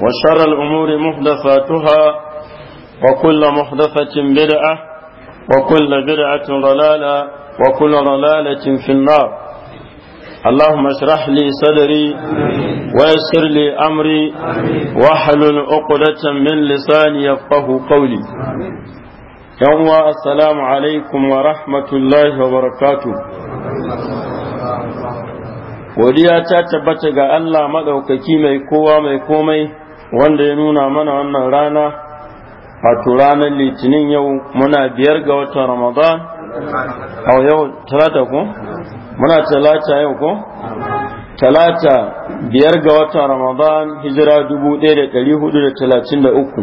وشر الأمور محدثاتها وكل محدثة بدعة وكل بدعة ضلالة وكل ضلالة في النار اللهم اشرح لي صدري ويسر لي أمري واحلل عقدة من لساني يفقه قولي يوم السلام عليكم ورحمة الله وبركاته godiya ta tabbata ga Allah maɗaukaki mai kowa mai komai wanda ya nuna mana wannan rana wato ranar litinin yau muna biyar ga watan ramadan a yau talata ko muna talata yau ko talata biyar ga watan ramadan hijira dubu ɗaya da hudu da talatin da uku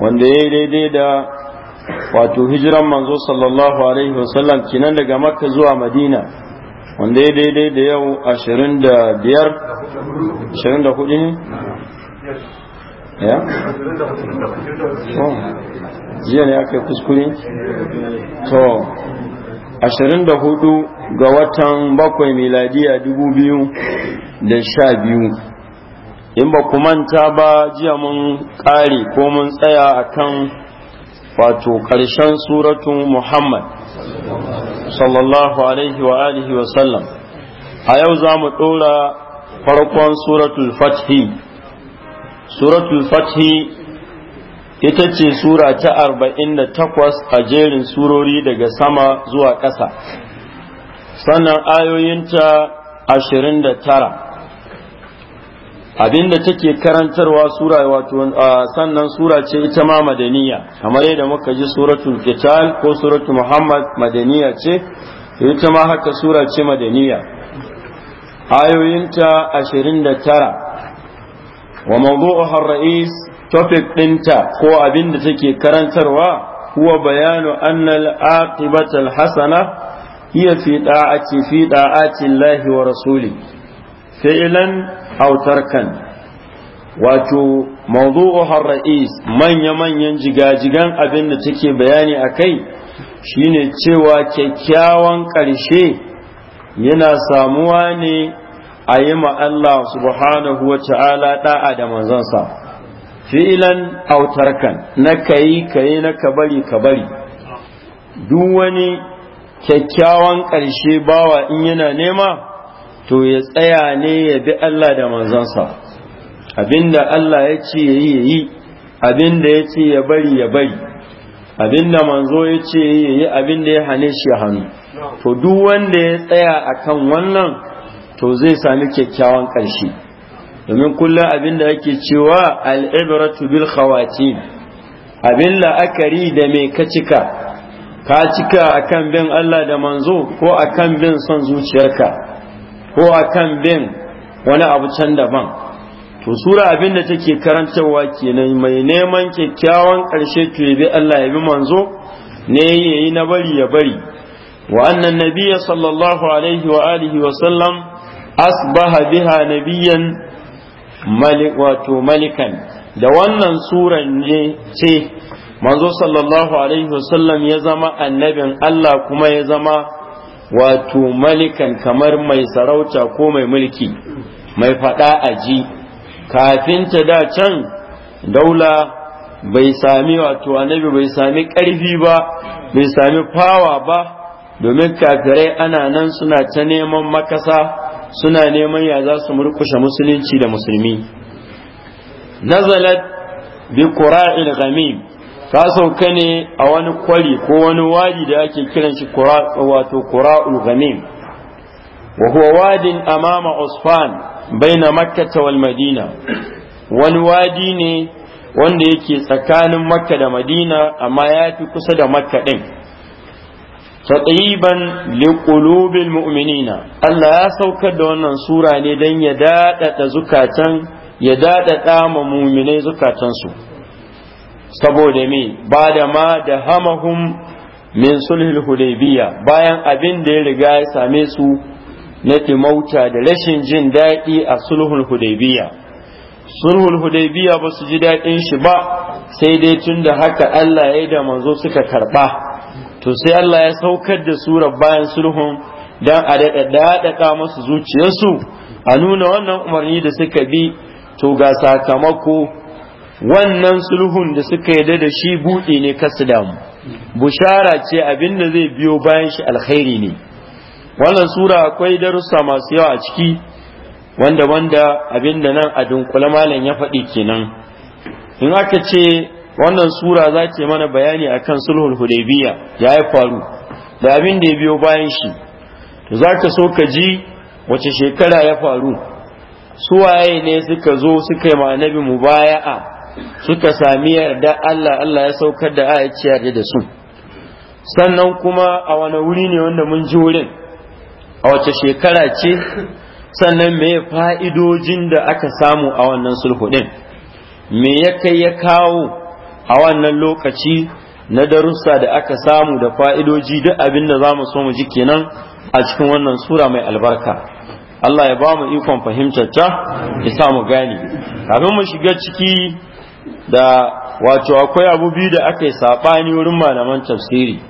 wanda ya yi daidai da wato hijiran manzo sallallahu alaihi wasallam kinan daga makka zuwa madina wanda ya daidai da yau ashirin da biyar ashirin da hudu ne ya? Oh. jiya ne aka yi kuskure? to 24 ga watan bakwai miladiya 2012 in ba ku manta ba jiya mun kare ko mun tsaya akan wato ƙarshen suratun muhammad sallallahu alaihi wa alihi wa sallam a yau za mu ɗora farkon suratul fathi suratul fathi ita ce sura ta arba'in da takwas a jerin surori daga sama zuwa ƙasa sannan ayoyinta ashirin da tara abinda take karantarwa sura wato sannan sura ce ita ma madaniya kamar yadda muka ji suratul qital ko suratul muhammad madaniya ce ita ma haka sura ce madaniya ayoyinta ashirin da tara wa mawdu'uha ar-ra'is topic dinta ko abin da take karantarwa huwa bayanu anna al-aqibata al-hasana hiya fi da'ati fi da'ati Allah wa rasuli fi'lan aw tarkan wato mawdu'uha ar-ra'is manya manyan jigajigan abin da take bayani akai shine cewa kyakkyawan ƙarshe yana samuwa ne a yi ma Allah subhanahu wa ta'ala da'a da manzansa fi'ilan autarkan na kayi kayi na ka kabari kabari duk wani kyakkyawan ƙarshe bawa in yana nema to ya tsaya ne ya bi Allah da manzansa abinda Allah ya ce ya yi ya yi abinda ya ce ya bari ya bari abinda manzo ya ce ya yi abinda ya hane shi hannu to duk wanda ya tsaya akan wannan to zai sami kyakkyawan ƙarshe domin kullum abin da ake cewa al'ibratu bil khawatim abin la'akari da mai ka cika ka cika akan bin Allah da manzo ko kan bin son zuciyarka ko kan bin wani abu can daban to sura abin da take karantarwa kenan mai neman kyakkyawan ƙarshe to ya bi Allah ya bi manzo ne yi na bari ya bari wa annan Nabiya sallallahu alaihi wa alihi wa sallam أصبح biha nabiyan ملك wato malikan da wannan suran ne ce manzo sallallahu alaihi wasallam ya zama annabin Allah kuma ya zama wato malikan kamar mai sarauta ko mai mulki mai faɗa aji kafin ta da can daula bai sami wato annabi bai sami ƙarfi ba bai sami fawa ba domin kafirai ana nan suna ta neman makasa suna neman ya za su murkushe musulunci da musulmi nazalat bi qura'il ghamim ta sauka ne a wani kwari ko wani wadi da ake kiran shi wato qura'ul ghamim wa huwa wadin amama usfan baina makkah wal madina wani wadi ne wanda yake tsakanin makka da madina amma ya fi kusa da makka din taqiban liqulubil mu'minina Allah ya saukar da wannan sura ne dan ya dadada zukatan ya dadada ma mu'minai zukatan su saboda me ba da ma da hamahum min sulhul hudaybiya bayan abin da ya riga ya same su na timauta da rashin jin daɗi a sulhul hudaybiya sulhul hudaybiya ba su ji daɗin shi ba sai dai tun da haka Allah ya da manzo suka karɓa to sai Allah ya saukar da surar bayan sulhun dan a daɗaɗa masu zuciyarsu a nuna wannan umarni da suka bi to ga sakamako wannan sulhun da suka yarda da shi buɗe ne kasu damu bushara ce abin da zai biyo bayan shi alkhairi ne wannan sura akwai darussa masu yawa a ciki wanda wanda abin da nan a dunkule malam ya faɗi kenan in aka ce wannan sura za ta mana bayani akan sulhul hudaybiya ya yi faru da abin da ya biyo bayan shi to ka so ka ji wace shekara ya faru Su waye ne suka zo suka yi mu baya a? suka sami yarda Allah Allah ya saukar da aya yarda da su sannan kuma a wani wuri ne wanda mun ji wurin a wace shekara ce sannan me fa'idojin da aka samu a wannan sulhu din me ya kai ya kawo a wannan lokaci na darussa da aka samu da fa'idoji duk abin da za mu so mu ji kenan a cikin wannan sura mai albarka Allah ya ba mu ikon fahimtar ta ya sa mu gane kafin mu shiga ciki da wato akwai abu biyu da aka yi saɓani wurin malaman tafsiri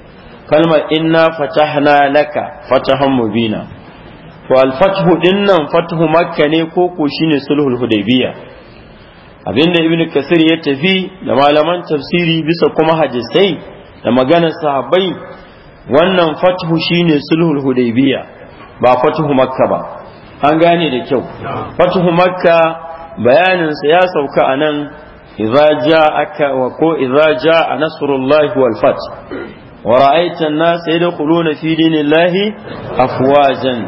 kalmar inna fatahna laka fatahan mubina to al-fathu dinnan fathu makka ne ko ko shine sulhul hudaybiyah abinda ibnu kasir ya tafi da malaman tafsiri bisa kuma hadisai da maganar sahabbai wannan fathu shine sulhul hudaybiya ba fathu makka ba an gane da kyau fathu makka bayanin sa ya sauka anan idza ja'aka wa ko idza ja'a nasrullahi wal fath wa ra'aita an-nas yadkhuluna fi dinillahi afwajan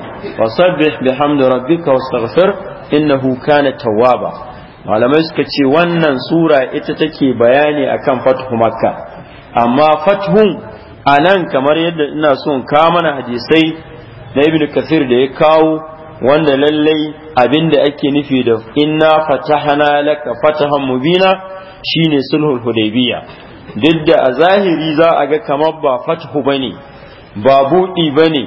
fasabbih bihamdi rabbika wastaghfir innahu kana tawwaba malamai suka ce wannan sura ita take bayani akan fathu makka amma fathun a nan kamar yadda ina son ka mana hadisai na ibnu kasir da ya kawo wanda lallai abinda ake nufi da inna fatahana laka fatahan mubina shine sulhul hudaybiya duk da a zahiri za a ga kamar ba fathu bane ba buɗi bane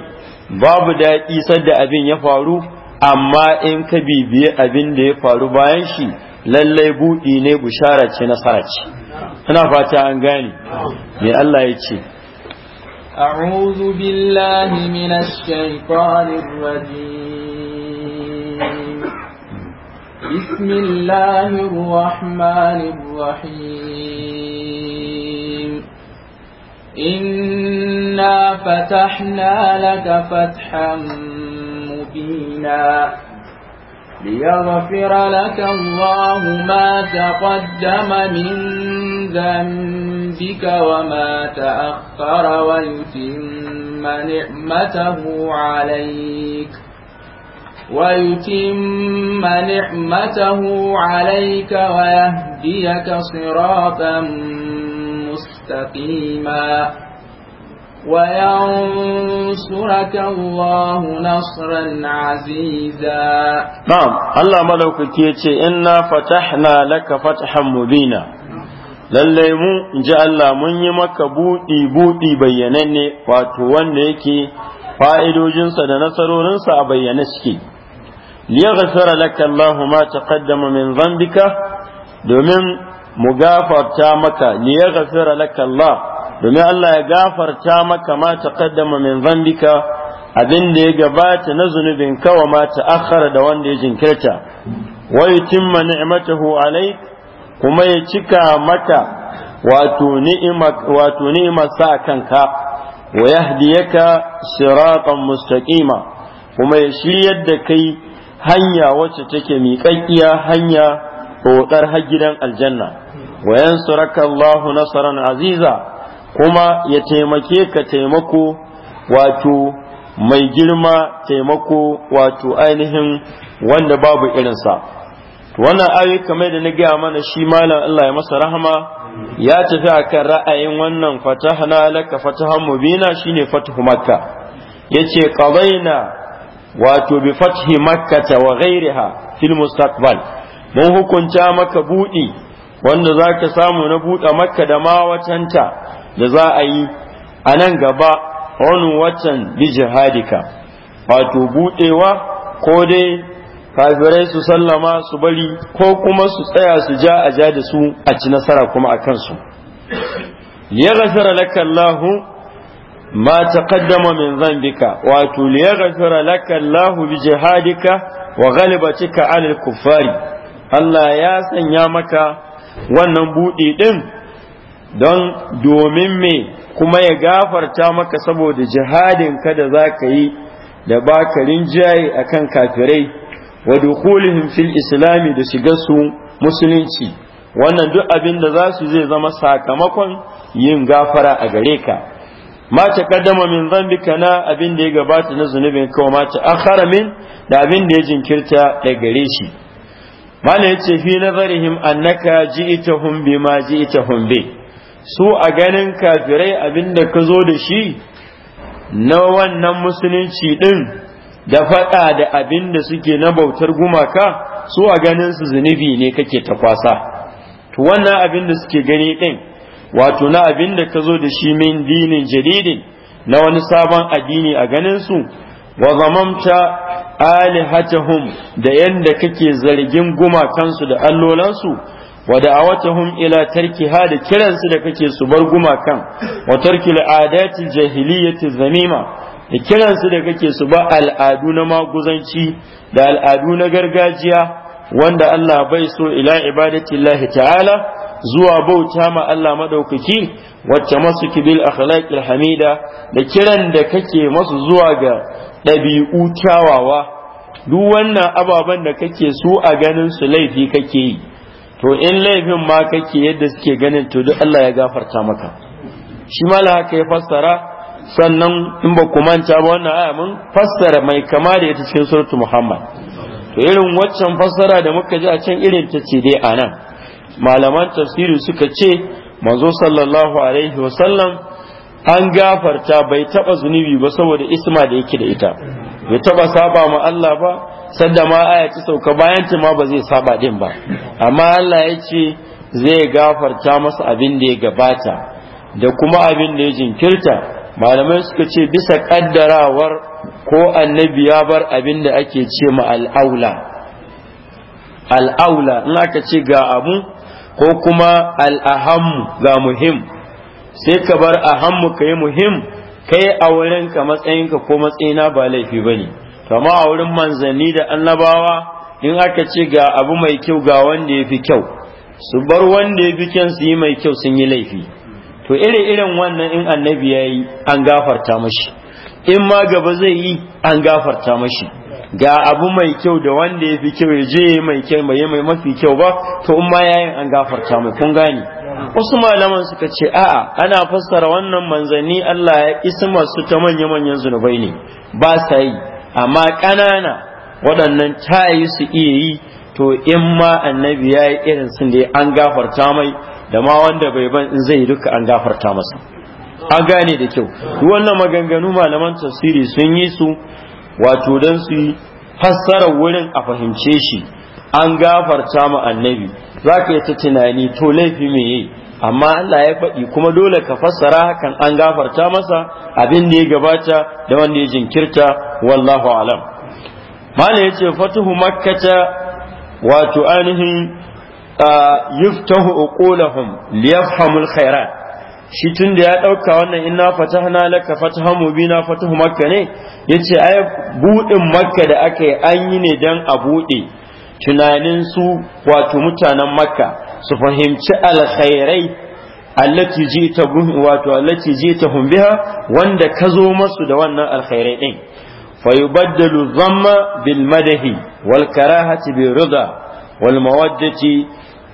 babu daɗi sadda abin ya faru amma in ka bibiye abin da ya faru bayan shi lallai buɗi ne bushara ce nasara ce ina fata an gane me Allah ya ce أعوذ بالله من الشيطان الرجيم بسم الله الرحمن الرحيم إنا فتحنا لك فتحا فينا ليغفر لك الله ما تقدم من ذنبك وما تأخر ويتم نعمته عليك ويتم نعمته عليك ويهديك صراطا مستقيما وينصرك الله نصرا عزيزا نعم الله ملوك كيتي إنا فتحنا لك فتحا مبينا lallai mu in ji Allah mun yi maka buɗi-buɗi ne wato wanda yake fa'idojinsa da nasarorinsa a bayyane suke liyaghfira laka Allahu ma taqaddama min dhanbika domin mu gafarta maka liyaghfira laka Allah domin Allah ya gafarta maka ma taqaddama min zambika abin da ya gabata na zunubin kawa ma ta'akhkhara da wanda ya jinkirta wa yutimma ni'matahu alayk kuma ya cika maka wato ni'ima wato ni'ima sa kanka wa yahdiyaka siratan mustaqima kuma ya shiryar da kai hanya wacce take miƙaƙƙiya hanya tsotsar har gidan aljanna wa yansuraka Allahu nasaran aziza kuma ya taimake ka taimako wato mai girma taimako wato ainihin wanda babu irinsa wannan ayoyi kamar da na gaya mana shi malam Allah ya masa rahama ya tafi akan ra'ayin wannan fatahna laka fatahan mubina shine fatahu makka yace qadaina wato bi fathi ta, wa ghairiha fil mustaqbal mun hukunta maka budi wanda zaka samu na buɗe makka da ma watanta da za a yi a nan gaba wani watan bi jihadika wato budewa ko dai kafirai su sallama su bari ko kuma su tsaya su ja a ja da su a ci nasara kuma a kansu liyaghfira laka Allahu! ma taqaddama min dhanbika wato liyaghfira laka Allahu! bi jihadika wa ghalibatika cika kuffari Allah ya sanya maka wannan buɗe ɗin don domin me kuma ya gafarta maka saboda jihadin ka da za ka yi da bakarin jaye a kan kafirai wa dukulihim fil islami da shiga su musulunci wannan duk abin da za su zai zama sakamakon yin gafara a gare ka ma ta kaddama min zambika na abin da ya gabata na zunubin kawo ma ta akhara min da abin da ya jinkirta da gare shi mana yace fi nazarihim annaka ji'tahum bima ji'tahum bi su a ganin kafirai abinda ka zo da shi na wannan musulunci ɗin da faɗa da abinda suke na bautar gumaka su a ganin su zunubi ne kake ta kwasa to wannan abin suke gani ɗin wato na abin da ka zo da shi min dinin jadidin na wani sabon addini a ganin su wa zamamta alihatahum da yadda kake zargin gumakansu da allolansu wa da'awatuhum ila tarkiha da kiransu da kake su bar gumakan wa tarkil adati jahiliyyati zamima da kiransu da kake su ba al'adu na maguzanci da al'adu na gargajiya wanda Allah bai so ila ibadati Allah ta'ala zuwa bauta ma Allah madaukaki wacce masu bil akhlaqil hamida da kiran da kake masu zuwa ga ɗabi'u kyawawa duk wannan ababen da kake su a ganin su laifi kake yi to in laifin ma kake yadda suke ganin to duk Allah ya gafarta maka shi ma haka ya fassara sannan in ba ku manta ba wannan aya mun fassara mai kama da ita cikin suratu Muhammad to irin waccan fassara da muka ji a can irin ta ce dai anan malaman tafsiri suka ce manzo sallallahu alaihi wasallam an gafarta bai taba zunubi ba saboda isma da yake da ita bai taba saba ma Allah ba sadda ma aya ta sauka bayan ta ma ba zai saba din ba amma Allah ya ce zai gafarta masa abin da ya gabata da kuma abin da ya jinkirta malamai suka ce bisa kaddarawar ko annabi ya bar abin da ake ce ma al'aula al'aula in aka ce ga abu ko kuma al'ahammu ga muhim sai ka bar ahammu ka yi muhim kai a wurinka matsayinka ko matsayina ba laifi ba ne kama a wurin manzanni da annabawa in aka ce ga abu mai kyau ga wanda ya fi kyau su bar wanda ya fi kyan su yi mai kyau sun yi laifi to iri irin wannan in annabi ya yi an gafarta mashi in ma gaba zai yi an gafarta mashi ga abu mai kyau da wanda ya fi kyau ya je mai kyau mai mai mafi kyau ba to in ma yayin an gafarta mai kun gane wasu malaman suka ce a'a ana fassara wannan manzanni Allah ya isa masu ta manya-manyan zunubai ne ba sa yi amma ƙanana waɗannan ta yi su iya yi to in ma annabi ya yi irin sun da an gafarta mai da ma wanda bai ban in zai duka an gafarta masa a gane da kyau duk wannan maganganu malaman tasiri sun yi su wato don su yi fassara wurin a fahimce shi an gafarta ma annabi za ka yi ta tunani to laifi mai yi amma Allah ya faɗi kuma dole ka fassara hakan an gafarta masa abin da ya gabata da wanda ya jinkirta wallahu alam Malam ya ce fatuhu makkata wato ainihin yuftahu uqulahum liyafhamul khairat shi tun da ya ɗauka wannan inna fatahna laka na mubina fatuhu makka ne yace ai buɗin makka da aka yi an yi ne dan a buɗe tunaninsu wato mutanen makka su fahimci alkhairai allati jita wato allati jita hum biha wanda ka zo masu da wannan alkhairai din yubaddalu dhamma bil madahi wal karahati bi rida wal mawaddati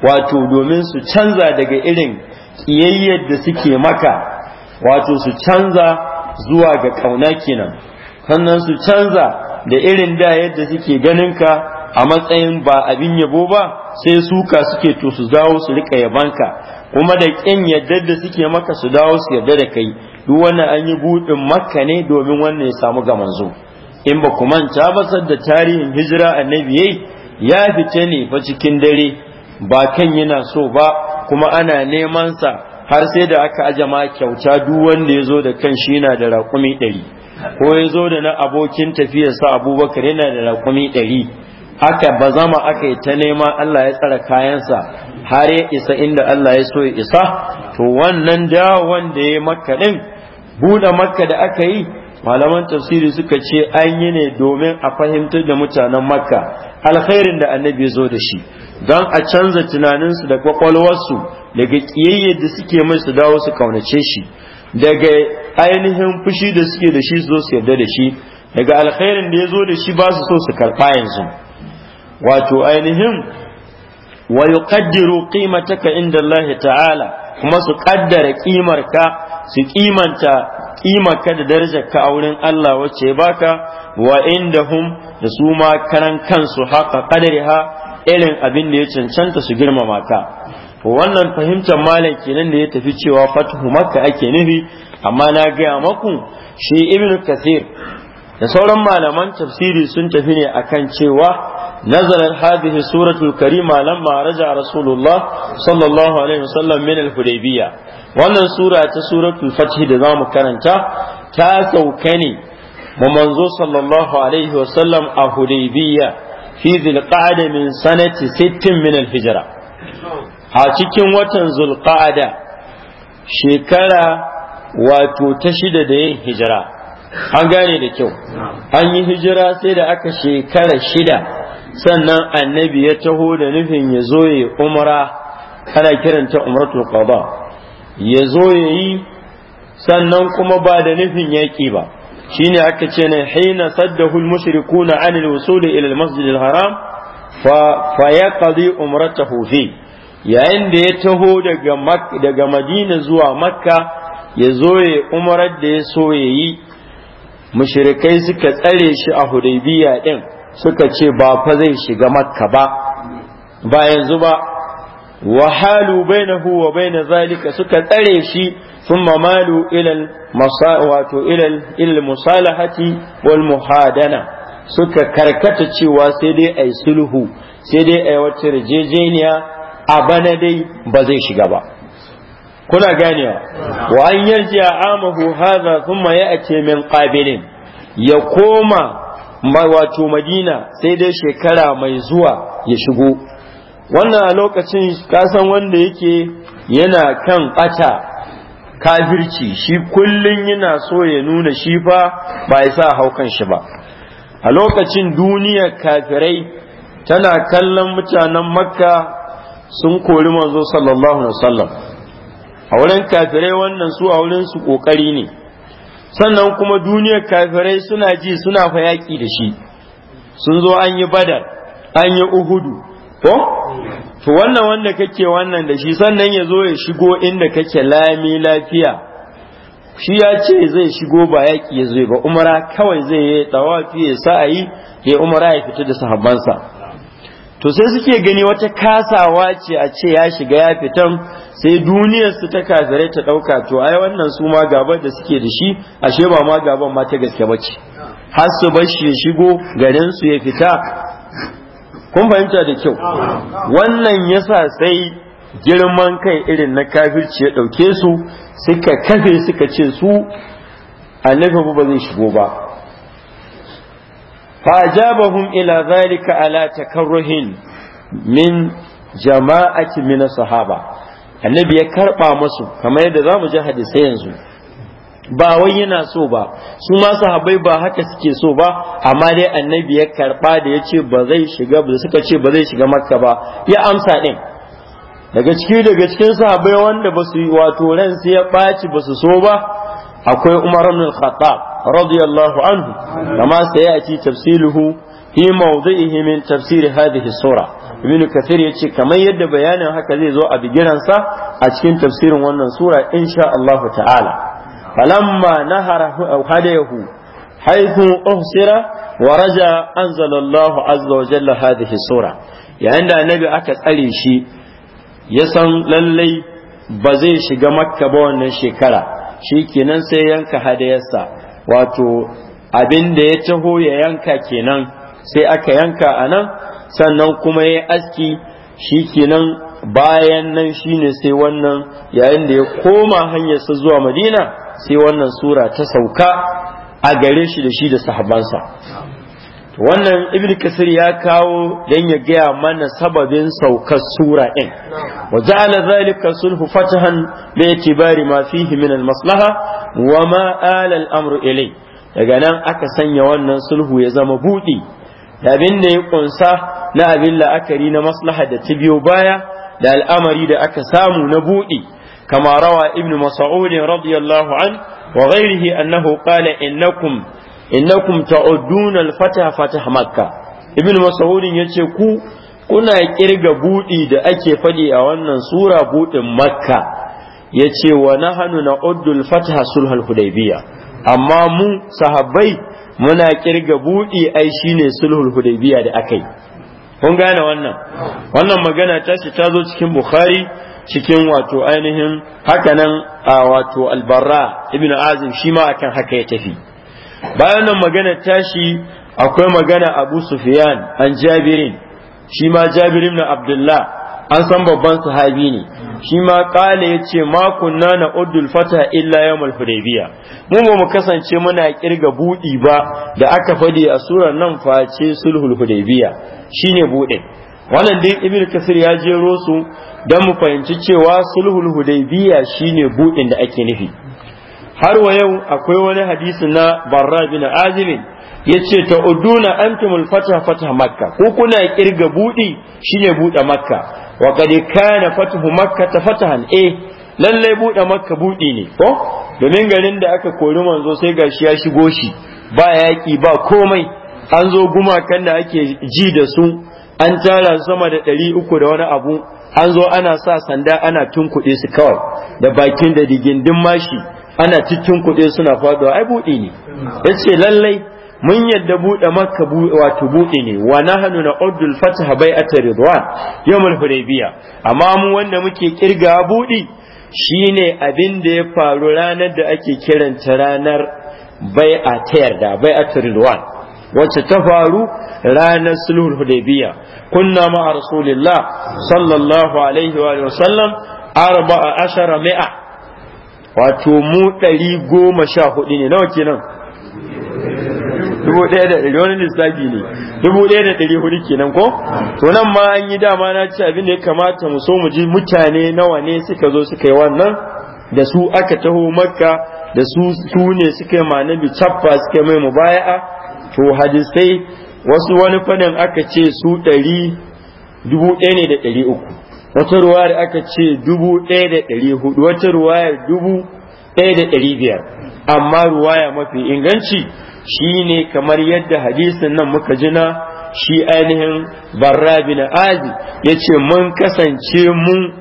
wato domin su canza daga irin kiyayyar da suke maka wato su canza zuwa ga kauna kenan sannan su canza da irin da yadda suke ganinka a matsayin ba abin yabo ba sai suka suke to su dawo su rika yabanka kuma da kin yadda da suke maka su dawo su yadda da kai duk wannan an yi buɗin makka ne domin wannan ya samu ga manzo in ba ku manta ba da tarihin hijira annabi yayi ya fita ne fa cikin dare ba kan yana so ba kuma ana neman sa har sai da aka aje ma kyauta duk wanda ya zo da kan shi yana da raƙumi ɗari ko ya zo da na abokin tafiyarsa abubakar yana da raƙumi ɗari Haka ba zama aka yi ta nema Allah ya tsara kayansa har ya isa inda Allah ya so ya isa to wannan da wanda ya makka din buɗe makka da aka yi malaman tafsiri suka ce an yi ne domin a fahimtar da mutanen makka alkhairin da annabi zo da shi don a canza tunaninsu da kwakwalwarsu daga kiyayye da suke mai su dawo su kaunace shi daga ainihin fushi da suke da shi zo su yarda da shi daga alkhairin da ya zo da shi ba su so su karɓa yanzu wato ainihin wa yuqaddiru qimataka inda Allah ta'ala kuma su kaddara ƙimarka su kimanta ka da ka a wurin Allah wacce ya baka wa indahum da su ma karan kansu haka qadariha irin abin da ya cancanta su girmama ka wannan fahimtar malam kenan da ya tafi cewa fatuhu makka ake nufi amma na gaya maku shi ibnu kasir da sauran malaman tafsiri sun tafi ne akan cewa nazalat hadhihi suratul karima lamma raja rasulullah sallallahu alaihi wasallam min al-hudaybiyya wannan sura ta suratul fath da mu karanta ta sauka ne mu manzo sallallahu alaihi wa sallam a hudaybiyya fi zilqa'da min sanati 60 min al-hijra a cikin watan zulqa'da shekara wato ta shida da yin hijira an gane da kyau an yi hijira sai da aka shekara shida sannan annabi ya taho da nufin ya zo ya umra ana kiranta umratul qada ya zo ya yi sannan kuma ba da nufin yaƙi ba shine aka ce ne hina saddahul mushrikuna anil wusuli ila al-masjidil haram fa fa yaqdi umratahu fi yayin da ya taho daga daga Madina zuwa Makka ya zo ya umrar da ya so ya yi mushrikai suka tsare shi a Hudaybiya din suka ce ba fa zai shiga makka ba ba yanzu ba wahalu bainahu wa baina zalika suka tsare shi thumma malu ilal wato ilal ilal musalahati wal muhadana suka karkata cewa sai dai ai sulhu sai dai ai wata yarjejeniya a bana dai ba zai shiga ba kuna ganewa wa an yarji amahu hadha thumma ya'ti min qabilin ya koma wato madina sai dai shekara mai zuwa ya shigo wannan a lokacin kasan wanda yake yana kan ɓata kafirci shi kullum yana so ya nuna shi fa ba ya sa haukan shi ba a lokacin duniya kafirai tana kallon mutanen makka sun kori manzo sallallahu alaihi wasallam a wurin kafirai wannan su a wurin su kokari ne sannan kuma duniyar kafirai suna ji suna fa yaƙi da shi sun zo an yi badar an yi uhudu ko to wannan wanda kake wannan da shi sannan ya zo ya shigo inda kake lami lafiya shi ya ce zai shigo ba yaƙi ya zo ba umara kawai zai yi tawafi ya sa'ayi ya umara ya fita da sahabbansa to sai suke gani wata kasawa ce a ce ya shiga ya fitan sai duniyar su ta kafirai ta ɗauka to ai wannan su ma gaban da suke da shi ashe ba ma gaban ma ta gaske ba ce, har su bar shi ya shigo garin su ya fita kun fahimta da kyau wannan yasa sai girman kai irin na kafirci ya ɗauke su suka kafe suka ce su annabi ba zai shigo ba فأجابهم إلى ذلك على تكره من جماعة من الصحابة annabi ya karba masu kamar yadda za mu ji hadisai yanzu ba wai yana so ba su ma sahabbai ba haka suke so ba amma dai annabi ya karba da ya ce ba zai shiga ba suka ce ba zai shiga makka ba ya amsa din daga ciki daga cikin sahabbai wanda ba su wato ran sai ya ɓaci ba su so ba akwai Umar ibn al-Khattab radiyallahu anhu kama sayati tafsiluhu fi mawdi'ihi min tafsir hadhihi sura ibn kathir yace kamar yadda bayanin haka zai zo a bigiransa a cikin tafsirin wannan sura insha Allah ta'ala falamma nahara hadayahu haythu uhsira wa raja anzala Allah azza wa jalla hadhihi sura yayin da annabi aka tsare shi ya san lallai ba zai shiga makka ba wannan shekara shi kenan sai yanka hadayarsa wato abin da ya taho ya yanka kenan sai aka yanka a nan sannan kuma ya aski shi kenan bayan nan shine sai wannan yayin da ya koma hanyarsa zuwa madina sai wannan sura ta sauka a gare shi da shi da sahabansa wannan ibn kasir ya kawo dan ya gaya mana sababin saukar sura din wa ja'ala zalika sulhu fatahan bi itibari ma fihi min al maslaha wa ma ala al amru ilay daga nan aka sanya wannan sulhu ya zama buɗi. da abin da ya kunsa na abin la'akari na maslaha da ta biyo baya da al'amari da aka samu na buɗi. kama rawa ibn mas'ud radiyallahu an wa ghairihi annahu qala innakum innakum ta'uduna al-fatah fatah makka ibn mas'ud yace ku kuna kirga budi da ake fadi a wannan sura budin makka yace wa nahnu na'uddu al-fatah sulhul hudaybiyya amma mu sahabbai muna kirga budi ai shine sulhul hudaybiyya da akai kun gane wannan wannan magana ta ce ta zo cikin bukhari cikin wato ainihin hakanan a wato albarra ibn azim shi ma akan haka ya tafi bayan nan magana tashi akwai magana abu sufyan an jabirin shi ma jabirin na abdullah an san babban sahabi ne shi ma kala ya ce ma na uddul fata illa yawmal hudaybiya mu ba mu kasance muna kirga budi ba da aka fadi a surar nan face sulhul hudaybiya shine bude wannan dai ibnu kasir ya jero su dan mu fahimci cewa sulhul hudaybiya shine budin da ake nufi har wa yau akwai wani hadisi na barra bin azibin ya ce ta uduna antumul fatah fatah makka ko kuna kirga buɗi shine buɗe makka wa qad kana fatahu makka ta fatahan eh lallai buɗe makka buɗe ne ko domin garin da aka kori manzo sai gashi ya shigo shi ba yaki ba komai an zo gumakan da ake ji da su an tara sama da ɗari uku da wani abu an zo ana sa sanda ana tunkuɗe su kawai da bakin da digindin mashi ana cikin kuɗi suna faɗuwa ai buɗi ne ya ce lallai mun yadda buɗe maka wato buɗe ne wa nahnu bai al-fatha bai'at ridwan yawm al-hudaybiya amma mu wanda muke kirga buɗi shine abin da ya faru ranar da ake kiranta ranar bai'a ta yarda bai'at ridwan wacce ta faru ranar sulhul hudaybiya kunna ma'a rasulillah sallallahu alaihi wa sallam arba'a ashara mi'a wato mu ɗari goma sha hudu ne nawa kenan dubu ɗaya da ɗari wani lissafi ne dubu ɗaya da ɗari hudu kenan ko to nan ma an yi dama na ci abin da ya kamata mu so mu ji mutane nawa ne suka zo suka yi wannan da su aka taho makka da su su ne suka yi manabi cappa suka mai mubaya'a to hadisai wasu wani fannin aka ce su ɗari dubu ɗaya ne da ɗari uku wata ruwayar aka ce dubu ɗaya da ɗari hudu wata ruwayar dubu ɗaya da ɗari biyar amma ruwaya mafi inganci shine kamar yadda hadisin nan muka jina shi ainihin barra bin azi ya ce mun kasance mun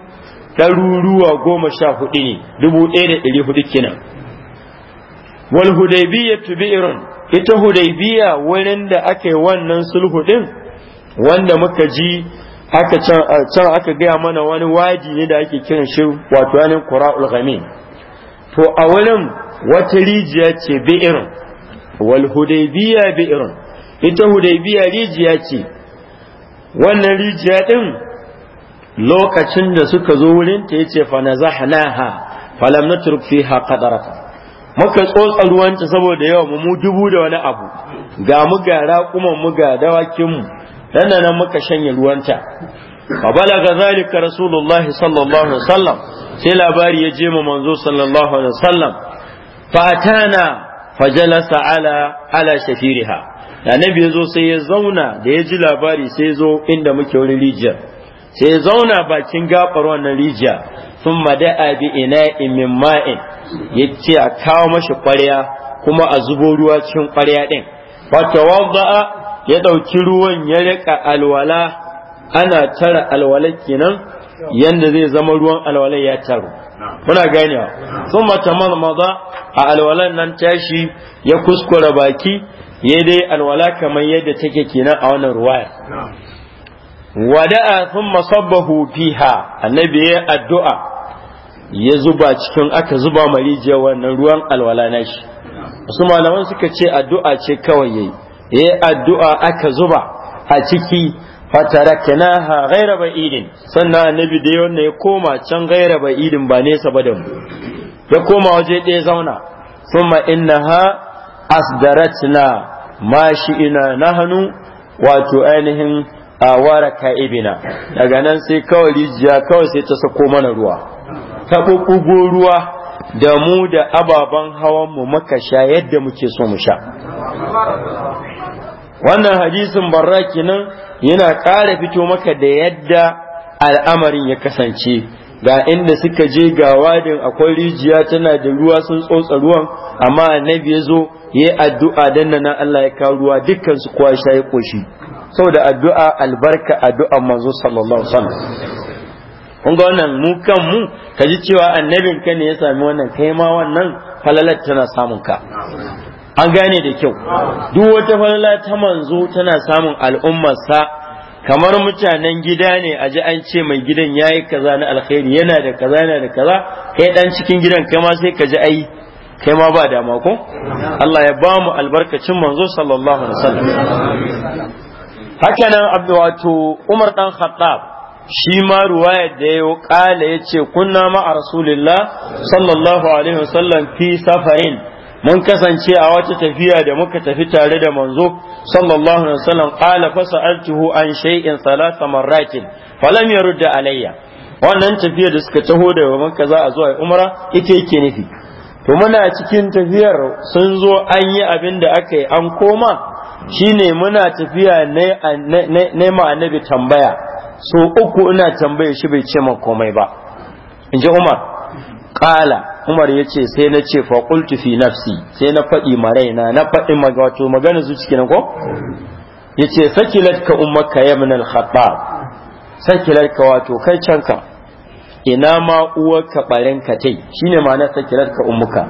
ɗaruruwa goma sha hudu ne dubu ɗaya da ɗari hudu kenan wal hudaybiya tubi'irun ita hudaybiya wurin da aka yi wannan sulhu din wanda muka ji aka can aka gaya mana wani wadi ne da ake kiran shi wato wani qura'ul ghamim to a wurin wata rijiya ce bi'irin wal hudaybiya bi'irin ita hudaybiya rijiya ce wannan rijiya din lokacin da suka zo wurin ta yace fa nazahnaha falam natruk fiha qadarata muka tsotsa ruwanta saboda yawa mu dubu da wani abu ga mu ga raƙuman mu ga dawakin mu dan nan muka shanye ruwanta fa balaga zalika rasulullah sallallahu alaihi wasallam sai labari ya je mu manzo sallallahu alaihi wasallam fa atana jalasa ala ala shafiriha nabi yazo sai ya zauna da ya ji labari sai zo inda muke wurin rijiyar sai ya zauna bakin gafar wannan rijiya sun mada'a bi ina'in min ma'in yace a kawo mashi kwarya kuma a zubo ruwa cikin kwarya din fa ya ɗauki ruwan ya riƙa alwala ana tara alwala kenan yanda zai zama ruwan alwala ya taru muna ganewa sun mata marmaza a alwalan nan tashi ya kuskura baki ya dai alwala kamar yadda take kenan a wannan ruwaya wada'a sun masabbahu fiha annabi ya addu'a ya zuba cikin aka zuba marijiya wannan ruwan alwala na shi wasu malaman suka ce addu'a ce kawai yayi Yi addu'a aka zuba a ciki gaira ba idin sannan annabi da wannan ya koma can ghaira idin ba nesa ba da mu ya koma waje ɗaya zauna ha innaha na ma na hannu wato ainihin a wara ka'ibina daga nan sai kawai rijiya kawai sai ta sako mana ruwa ta bubbugo ruwa da mu da ababen hawan mu muka sha yadda muke so mu sha wannan hadisin barra kenan yana ƙara fito maka da yadda al'amarin ya kasance ga inda suka je ga wadin akwai rijiya tana da ruwa sun tsotsa ruwan amma annabi ya zo ya yi addu'a dan nan Allah ya kawo ruwa dukkan su kowa sha ya koshi saboda addu'a albarka addu'a manzo sallallahu alaihi wasallam mu kan mu ka cewa annabin ka ne ya sami wannan kai ma wannan falalar tana samun ka an gane da kyau duk wata falala ta manzo tana samun al'ummarsa kamar mutanen gida ne a ji an ce mai gidan ya yi kaza na alkhairi yana da kaza yana da kaza kai dan cikin gidan kai ma sai ka ji ai kai ma ba da ko Allah ya ba mu albarkacin manzo sallallahu alaihi wasallam hakanan abdu wato Umar dan Khattab shi ma ruwaya da ya kala yace kunna ma rasulillah sallallahu alaihi wasallam fi safarin mun kasance a wata tafiya da muka tafi tare da manzo sallallahu alaihi wasallam qala fa sa'altuhu an shay'in salasa marratin falam yarudda alayya wannan tafiyar da suka taho da ka za a zuwa umra ita yake nufi to muna cikin tafiyar sun zo an yi abin da aka yi an koma shine muna tafiya ne ma annabi tambaya so uku ina tambaye shi bai ce min komai ba in umar qala Umar ya ce sai na ce faƙultu fi nafsi sai na faɗi maraina na faɗi wato magana su cikin ko ya ce sakilat ka ummaka ya minal khatta sakilat ka wato kai canka ina ma ka ɓarin ka tai shine ma na sakilat ka ummuka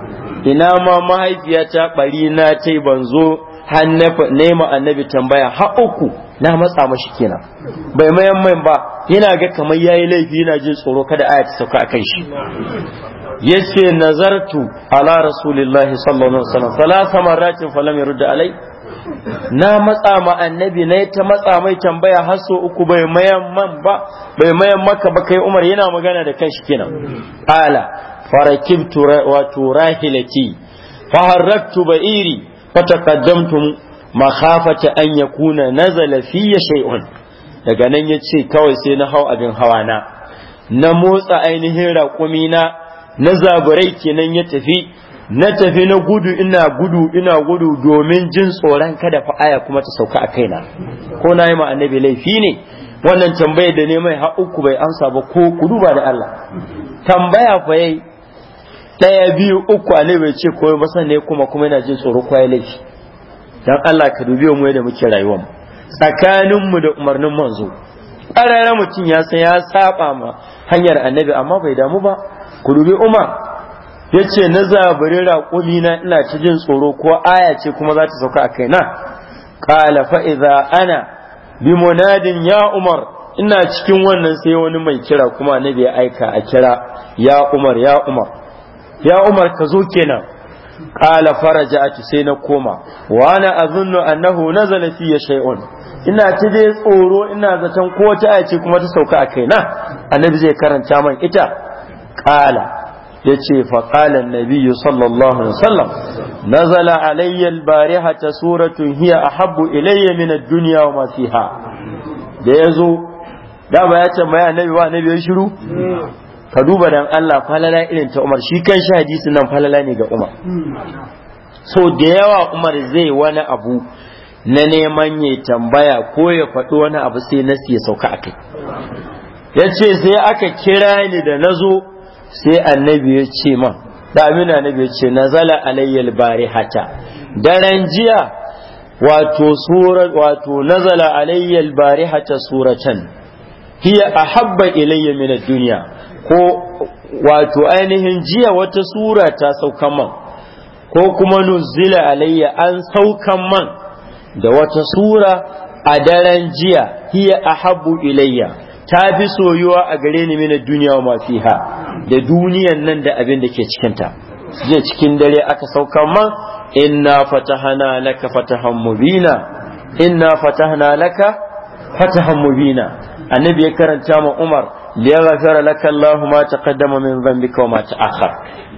ina ma mahaifiyata ta ɓari na tai ban zo hannafa nema annabi tambaya ha uku na matsa mashi kenan bai mayan mai ba yana ga kamar yayi laifi yana jin tsoro kada aya ta sauka akan shi yace nazartu ala rasulillahi sallallahu alaihi wasallam salasa maratin falam yurda alai na matsa ma annabi na ta matsa mai tambaya har so uku bai mayan man ba bai mayan maka ba kai Umar yana magana da kanshi kenan ala farakibtu wa turahilati faharraktu ba'iri fataqaddamtum makhafata an yakuna nazala fiyya shay'un daga nan yace kawai sai na hau abin hawa na na motsa ainihin raƙumi na na zaburai kenan ya tafi na tafi na gudu ina gudu ina gudu domin jin tsoron kada fa aya kuma ta sauka a kaina ko na yi ma annabi laifi ne wannan tambayar da ne mai har uku bai amsa ba ko ku duba da Allah tambaya fa yayi ɗaya biyu uku annabi bai ce koyo ba sanne kuma kuma yana jin tsoro kwaye laifi dan Allah ka dubi mu yadda muke rayuwa mu tsakanin mu da umarnin manzo ƙararra mutum ya san ya saba ma hanyar annabi amma bai damu ba ku dubi umar ya ce na zaburi raƙumi na ina ta jin tsoro ko aya ce kuma za ta sauka a kaina ƙala iza ana bi munadin ya umar ina cikin wannan sai wani mai kira kuma annabi ya aika a kira ya umar ya umar ya umar ka zo kenan qala ati sai na koma wa ana azunnu annahu nazala fi shay'un ina ta dai tsoro ina zaton ko ta kuma ta sauka a kaina annabi zai karanta man ita qala yace fa qala annabi sallallahu alaihi wasallam nazala alayya ta suratun hiya ahabbu ilayya min ad-dunya wa ma fiha da yazo da ba ya mai annabi wa annabi ya shiru ka duba dan Allah falala irin ta Umar shi kan shi hadisin nan falala ne ga Umar so da yawa Umar zai wani abu na neman ya tambaya ko ya faɗi wani abu sai na ya sauka akai ya ce sai aka kira ni da nazo sai annabi ya ce man da amina annabi ya ce nazala alayyal barihata daren jiya wato sura wato nazala alayyal barihata suratan hiya ahabba ilayya min ad-dunya ko wato ainihin jiya wata sura ta saukan man ko kuma nuzila alayya an saukan man da wata sura a daren jiya hiya ahabbu ilayya ta fi soyuwa a gare ni mina duniya wa mafiha da duniyan nan da abin da ke cikinta jiya cikin dare aka saukan man inna fatahana laka fatahan mubina inna fatahana laka fatahan mubina annabi ya karanta ma umar liyaghfira laka Allahu ma taqaddama min dhanbika wa ma ta'akhkhar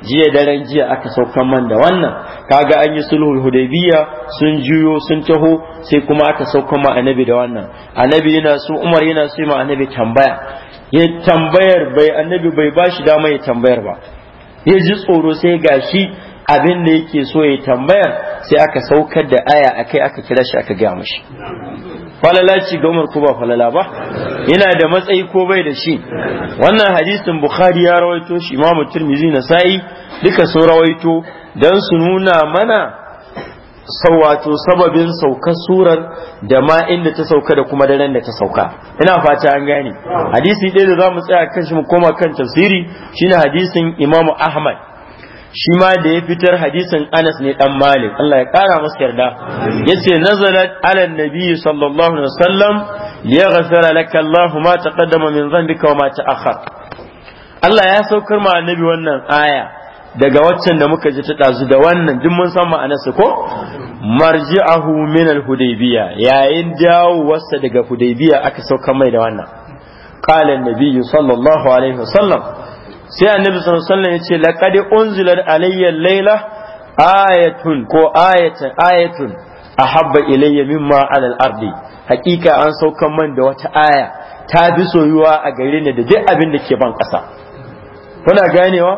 jiya daren jiya aka saukan man da wannan kaga an yi sulhul hudaybiya sun juyo sun taho sai kuma aka sauka ma annabi da wannan annabi yana so Umar yana so ma annabi tambaya ya tambayar bai annabi bai bashi dama ya tambayar ba ya ji tsoro sai gashi abin da yake so ya tambayar sai aka saukar da aya akai aka kira shi aka gaya mashi. falala ci ga Umar ko ba falala ba yana da matsayi ko bai da shi wannan hadisin Bukhari ya rawaito shi Imam Tirmidhi na Sa'i duka sun rawaito dan su nuna mana wato sababin sauka surar da ma inda ta sauka da kuma daren da ta sauka ina fata an gane hadisi ɗaya da za mu tsaya kan shi mu koma kan tafsiri shine hadisin Imam Ahmad shi ma da ya fitar hadisin Anas ne dan Malik Allah ya kara masa yarda yace nazalat ala nabi sallallahu alaihi wasallam liyaghfira laka Allah ma taqaddama min dhanbika wa ma ta'akhkhar Allah ya saukar ma annabi wannan aya daga waccan da muka ji ta dazu da wannan duk mun san su ko marji'ahu min al hudaybiyah yayin dawowarsa daga hudaybiyah aka sauka mai da wannan qala an-nabi sallallahu alaihi wasallam sai annabi sallallahu alaihi wasallam yace laqad unzila alayya layla ayatun ko ayatan ayatun ahabba ilayya mimma ala al-ardi hakika an saukan man da wata aya ta bi soyuwa a gare ni da duk abin da ke ban kasa kuna ganewa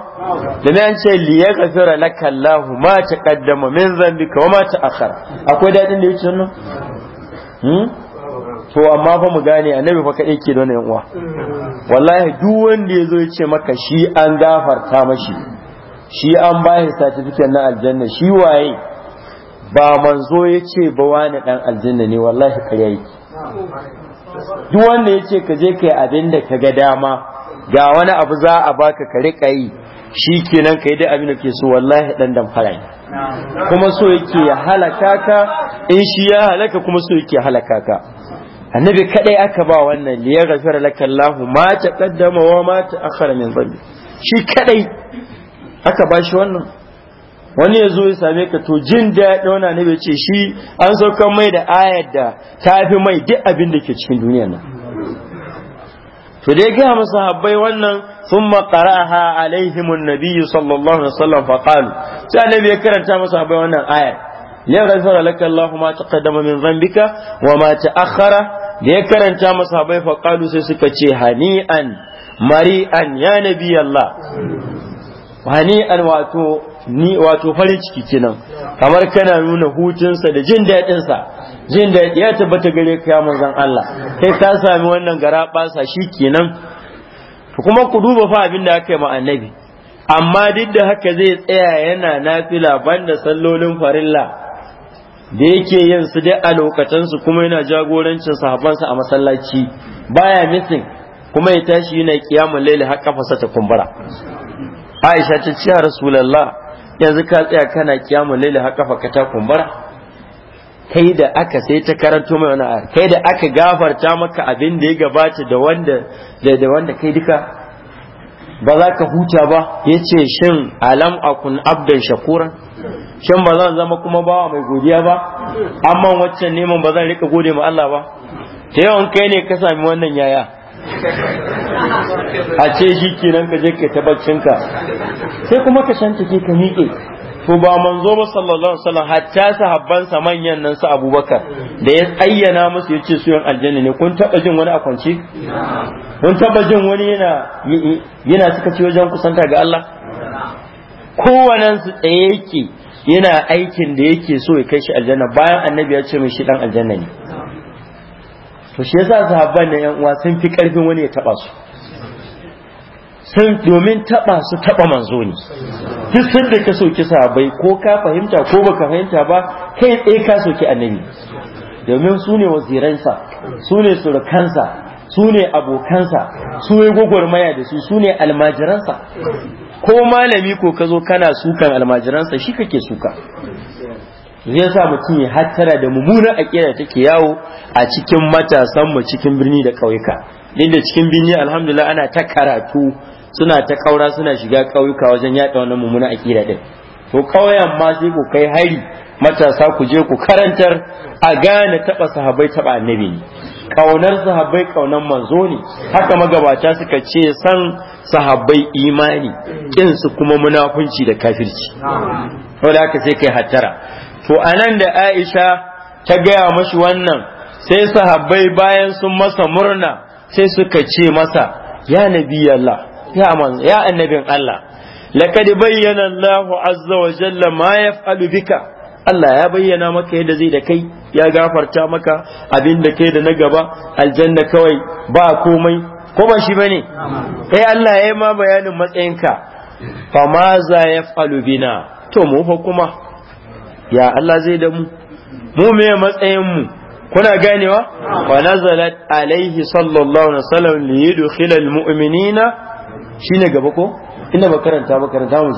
da an ce li ya gafira laka Allah ma taqaddama min zambika wa ma ta'akhkhara akwai dadin da yake nan to amma fa mu gane annabi fa kadai ke da wannan uwa wallahi duk wanda yazo ya ce maka shi an gafarta mashi shi an ba shi certificate na aljanna shi waye ba manzo ya ce ba wani dan aljanna ne wallahi kare yake duk wanda ya ce ka je ka yi ka ga dama ga wani abu za a baka ka rika yi shi kenan ka yi da abin da ke so wallahi dan dan fara kuma so yake ya halaka ka in shi ya halaka kuma so yake halaka ka annabi kadai aka ba wannan liyar gafira laka Allah ma ta kaddama wa ma ta akhara min dhanbi shi kadai aka ba shi wannan wani ya zo ya same ka to jin daɗi wani annabi ce shi an sauka mai da ayar da ta fi mai duk abin da ke cikin duniyar nan to dai ga masa habbai wannan sun qara'aha alaihim an-nabiy sallallahu alaihi wasallam fa qalu sai annabi ya karanta masa habbai wannan ayar wa لك الله ما تقدم من ذنبك وما تأخر ليكرن تام صحابي فقالوا سيسكتي mari an ya nabi Allah hani'an wato ni wato farin ciki kenan kamar kana nuna hutunsa da jin daɗinsa jin daɗi ya tabbata gare ka ya manzon Allah sai ka sami wannan gara ɓasa shi kenan kuma ku duba fa abin da aka yi ma annabi amma duk da haka zai tsaya yana nafila banda sallolin farilla da yake yin su dai a lokacinsu kuma yana jagorancin sahabansa a masallaci baya misin kuma ya tashi yana kiyamun laili har kafarsa ta kumbura Aisha ta ce Rasulullah yanzu ka tsaya kana kiyamun laili har kafarka ta kumbura kai da aka sai ta karanto mai wani kai da aka gafarta maka abin da ya gabata da wanda da wanda kai duka ba za ka huta ba yace shin alam akun abdan shakura shin ba zan zama kuma bawa mai godiya ba amma waccan neman ba zan rika gode ma Allah ba ta yawan kai ne ka sami wannan yaya a ce shi kenan ka je ka tabbacinka sai kuma ka shanta ke ka miƙe to ba manzo ba sallallahu alaihi wasallam hatta sa manyan nan su Abubakar da ya ayyana musu yace su yan aljanna ne kun taba jin wani a kun taba jin wani yana yana suka ci wajen kusanta ga Allah kowannen su tsaye yake yana aikin da yake so ya kai shi aljanna bayan annabi ya ce mai shi dan aljanna ne to shi yasa sahabban na yan uwa sun fi karfin wani ya taba su sun domin taba su taba manzo ne duk sun da ka soki sahabbai ko ka fahimta ko baka fahimta ba kai tsaye ka soki annabi domin su ne waziransa su ne surukansa su ne abokansa su ne gwagwarmaya da su su ne almajiransa ko malami ko ka zo kana sukan almajiransa shi kake suka zai sa mutum ya hattara da mummuna a kira take yawo a cikin matasan mu cikin birni da ƙauyuka inda cikin birni alhamdulillah ana ta karatu suna ta kaura suna shiga ƙauyuka wajen yaɗa wannan a kira din to ƙauyen ma sai ku kai hari matasa ku je ku karantar a gane taɓa sahabai taɓa annabi ne kaunar sahabbai kaunar manzo ne haka magabata suka ce san sahabbai imani kin su kuma munafunci da kafirci wanda haka sai kai hattara to anan da Aisha ta gaya mashi wannan sai sahabbai bayan sun masa murna sai suka ce masa ya nabi Allah ya man annabin Allah laqad bayyana Allahu azza wa jalla ma yaf'alu bika Allah ya bayyana maka yadda zai da kai ya gafarta maka abinda da kai da na gaba aljanna kawai ba komai ko ba shi bane kai eh, Allah ya yi ma bayanin matsayinka fa ma za ya falu bina to mu fa kuma ya Allah zai da mu mu me matsayin mu kuna ganewa wa nazalat alaihi sallallahu alaihi wasallam li yudkhila almu'minina shine gaba ko ina ba karanta ba karanta mu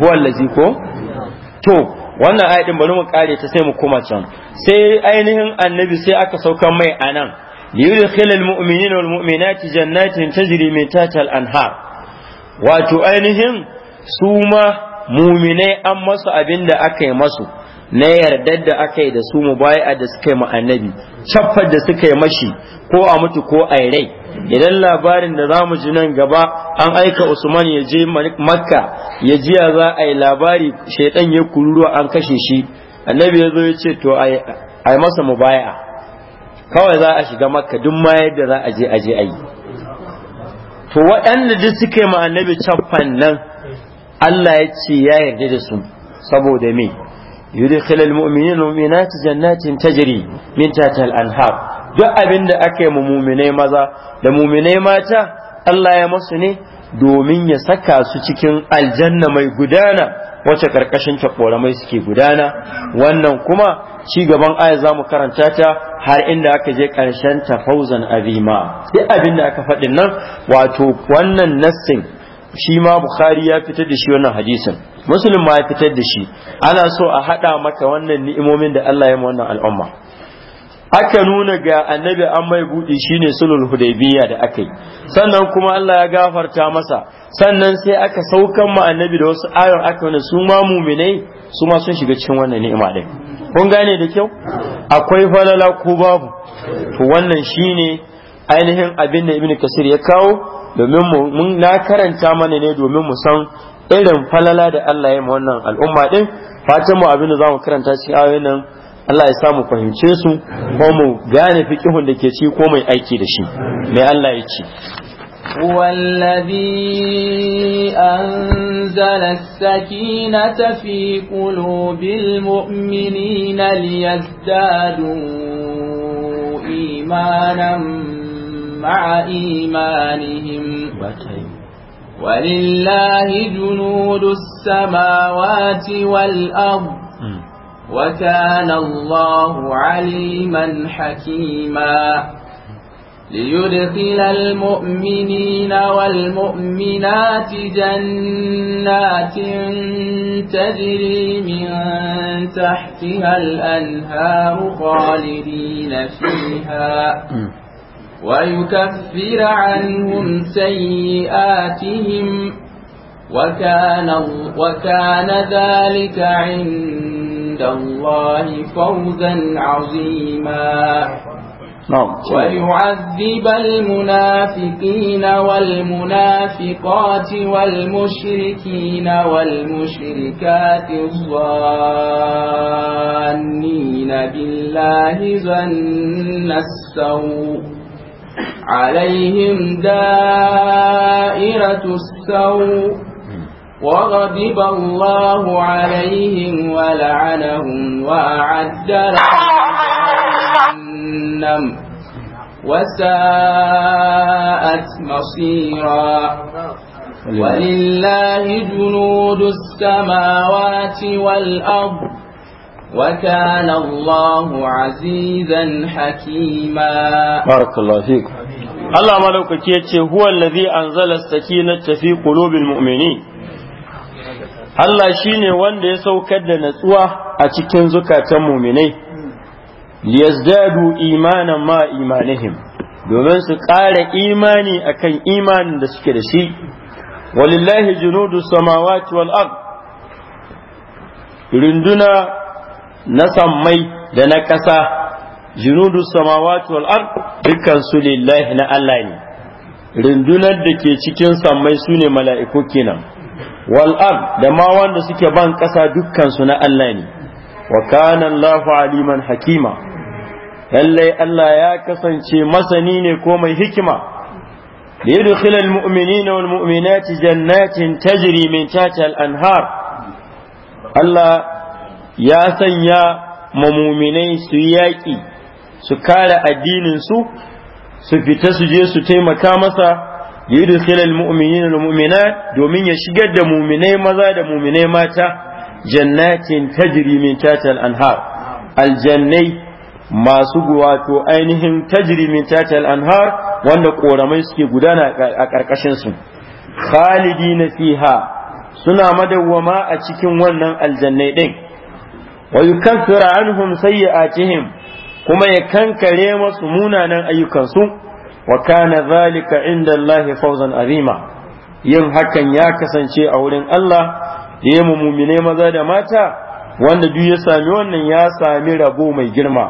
huwa ko to wannan ayatin bari mu kare ta sai mu koma can sai ainihin annabi sai aka saukan mai anan liyudkhil almu'minin wal mu'minati jannatin tajri min tahtiha anhar wato ainihin su ma muminai an masu abin da aka yi masu na yardar da aka yi da su mu a da suka yi mu annabi shaffar da suka yi mashi ko a mutu ko a rai idan labarin da za mu ji nan gaba an aika usman ya je makka ya jiya za a yi labari shaidan ya kururuwa an kashe shi annabi ya zo ya ce to a yi masa mubaya kawai za a shiga makka duk ma yadda za a je a je a yi to waɗanda duk suka yi ma annabi can nan Allah ya ce ya yarda da su saboda me yudkhilul mu'minina mu'minati jannatin tajri min tahtiha anhar duk abin da aka yi muminai maza da muminai mata Allah ya masu ne domin ya saka su cikin aljanna mai gudana wacce karkashin mai suke gudana wannan kuma ci gaban aya za mu karanta ta har inda aka je karshen ta fauzan azima duk abin da aka faɗin nan wato wannan nassin shi ma bukhari ya fitar da shi wannan hadisin muslim ma ya fitar da shi ana so a haɗa maka wannan ni'imomin da Allah ya wannan al'umma aka nuna ga annabi an mai buɗi shine sulhul hudaybiyya da aka yi sannan kuma Allah ya gafarta masa sannan sai aka saukan ma annabi da wasu ayon aka wani su ma muminai su ma sun shiga cikin wannan ni'ima din kun gane da kyau akwai falala ko babu to wannan shine ainihin abin da ibnu kasir ya kawo domin mun na karanta mana ne domin mu san irin falala da Allah ya yi wannan al'umma din fatan mu abin da zamu karanta cikin ayoyin nan Allah ya sa mu fahimce su ko mu gane fikihun da ke ci ko mai aiki da shi mai Allah ya ci wallazi anzala sakinata fi qulubil mu'minina liyazdadu imanan ma'a imanihim wallahi junudus samawati wal ardh وكان الله عليما حكيما ليدخل المؤمنين والمؤمنات جنات تجري من تحتها الأنهار خالدين فيها ويكفر عنهم سيئاتهم وكان, وكان ذلك عند عند الله فوزا عظيما نعم. ويعذب المنافقين والمنافقات والمشركين والمشركات الظانين بالله ظن السوء عليهم دائرة السوء وغضب الله عليهم ولعنهم وأعد لهم جهنم وساءت مصيرا ولله جنود السماوات والأرض وكان الله عزيزا حكيما بارك الله فيك الله ملوكك يتي هو الذي أنزل السكينة في قلوب المؤمنين Allah shi ne wanda ya saukar da natsuwa a cikin zukatan muminai liyazdadu imanan ma imanihim domin su ƙara imani akan imanin da suke da shi walillahi junudu samawati wal runduna na sammai da na ƙasa junudu samawati wal dukkan su lillahi na Allah ne rundunar da ke cikin sammai su ne mala'iku kenan wal ard da ma wanda suke ban ƙasa dukkan su na Allah ne wa kana Allahu aliman hakima lallai Allah ya kasance masani ne ko mai hikima da yadkhulu al mu'minina wal mu'minati jannatin tajri min anhar Allah ya sanya mamuminai su yaƙi su kare addinin su su fita su je su taimaka masa yudkhil almu'minina walmu'minat domin ya shigar da mu'minai maza da mu'minai mata jannatin tajri min tahtiha anhar aljannai masu wato ainihin tajri min tahtiha anhar wanda koramai suke gudana a karkashin su khalidina fiha suna madawwama a cikin wannan aljannai din wa yukaffiru anhum sayyi'atihim kuma ya kankare masu munanan ayyukansu wa kana zalika inda Allah fawzan azima yin hakan ya kasance a wurin Allah da ya mumine maza da mata wanda duk ya sami wannan ya sami rabo mai girma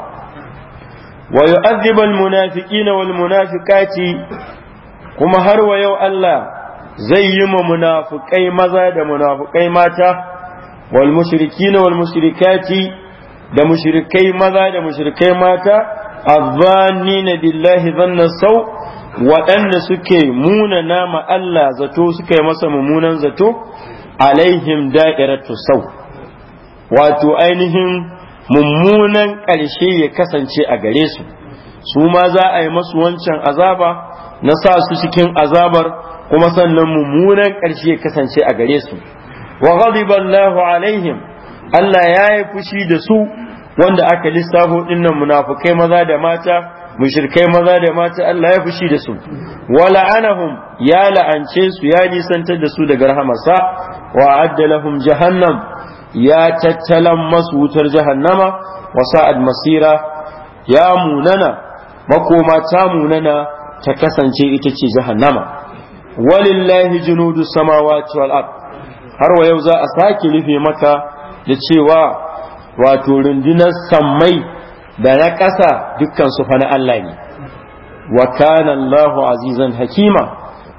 wa yu'adhibu al-munafiqina wal munafiqati kuma har wa yau Allah zai yi ma munafukai maza da munafukai mata wal mushrikina wal mushrikati da mushrikai maza da mushrikai mata azzannina billahi zanna sau waɗanda suke muna nama Allah zato suka masa mummunan zato alaihim da'iratu sau wato ainihin mummunan ƙarshe ya kasance a gare su su ma za a yi masu wancan azaba na sa su cikin azabar kuma sannan mummunan ƙarshe ya kasance a gare su wa ghadiba Allahu alaihim Allah ya yi fushi da su wanda aka lissafo dinnan munafukai maza da mata mushrikai maza da mata Allah ya fushi da su wala anahum ya la'ance su ya nisantar da su daga rahamarsa wa addalahum jahannam ya tattalan masu wutar jahannama wa sa'ad masira ya munana makoma ta munana ta kasance ita ce jahannama walillahi junudu samawati wal ard har wa yau za a sake rufe maka da cewa wato rundunar sammai da na ƙasa dukkan su fa Allah ne wa kana Allahu azizan hakima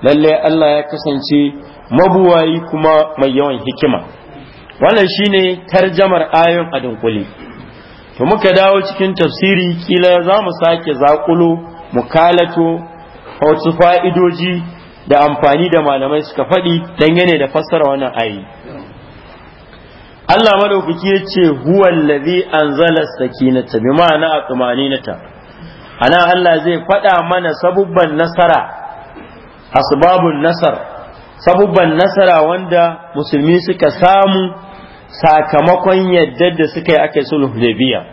lalle Allah ya kasance mabuwayi kuma mai yawan hikima wannan shine tarjamar ayon a dunkule to muka dawo cikin tafsiri kila za mu sake zakulo mukalato wasu fa'idoji da amfani da malamai suka faɗi dangane da fassara wannan ayi Allah madaukaki ya ce huwa allazi anzala sakinata bi ma'ana atmaninata ana Allah zai faɗa mana sabubban nasara asbabun nasar sabubban nasara wanda musulmi suka samu sakamakon yadda da suka yi aka sulh labiya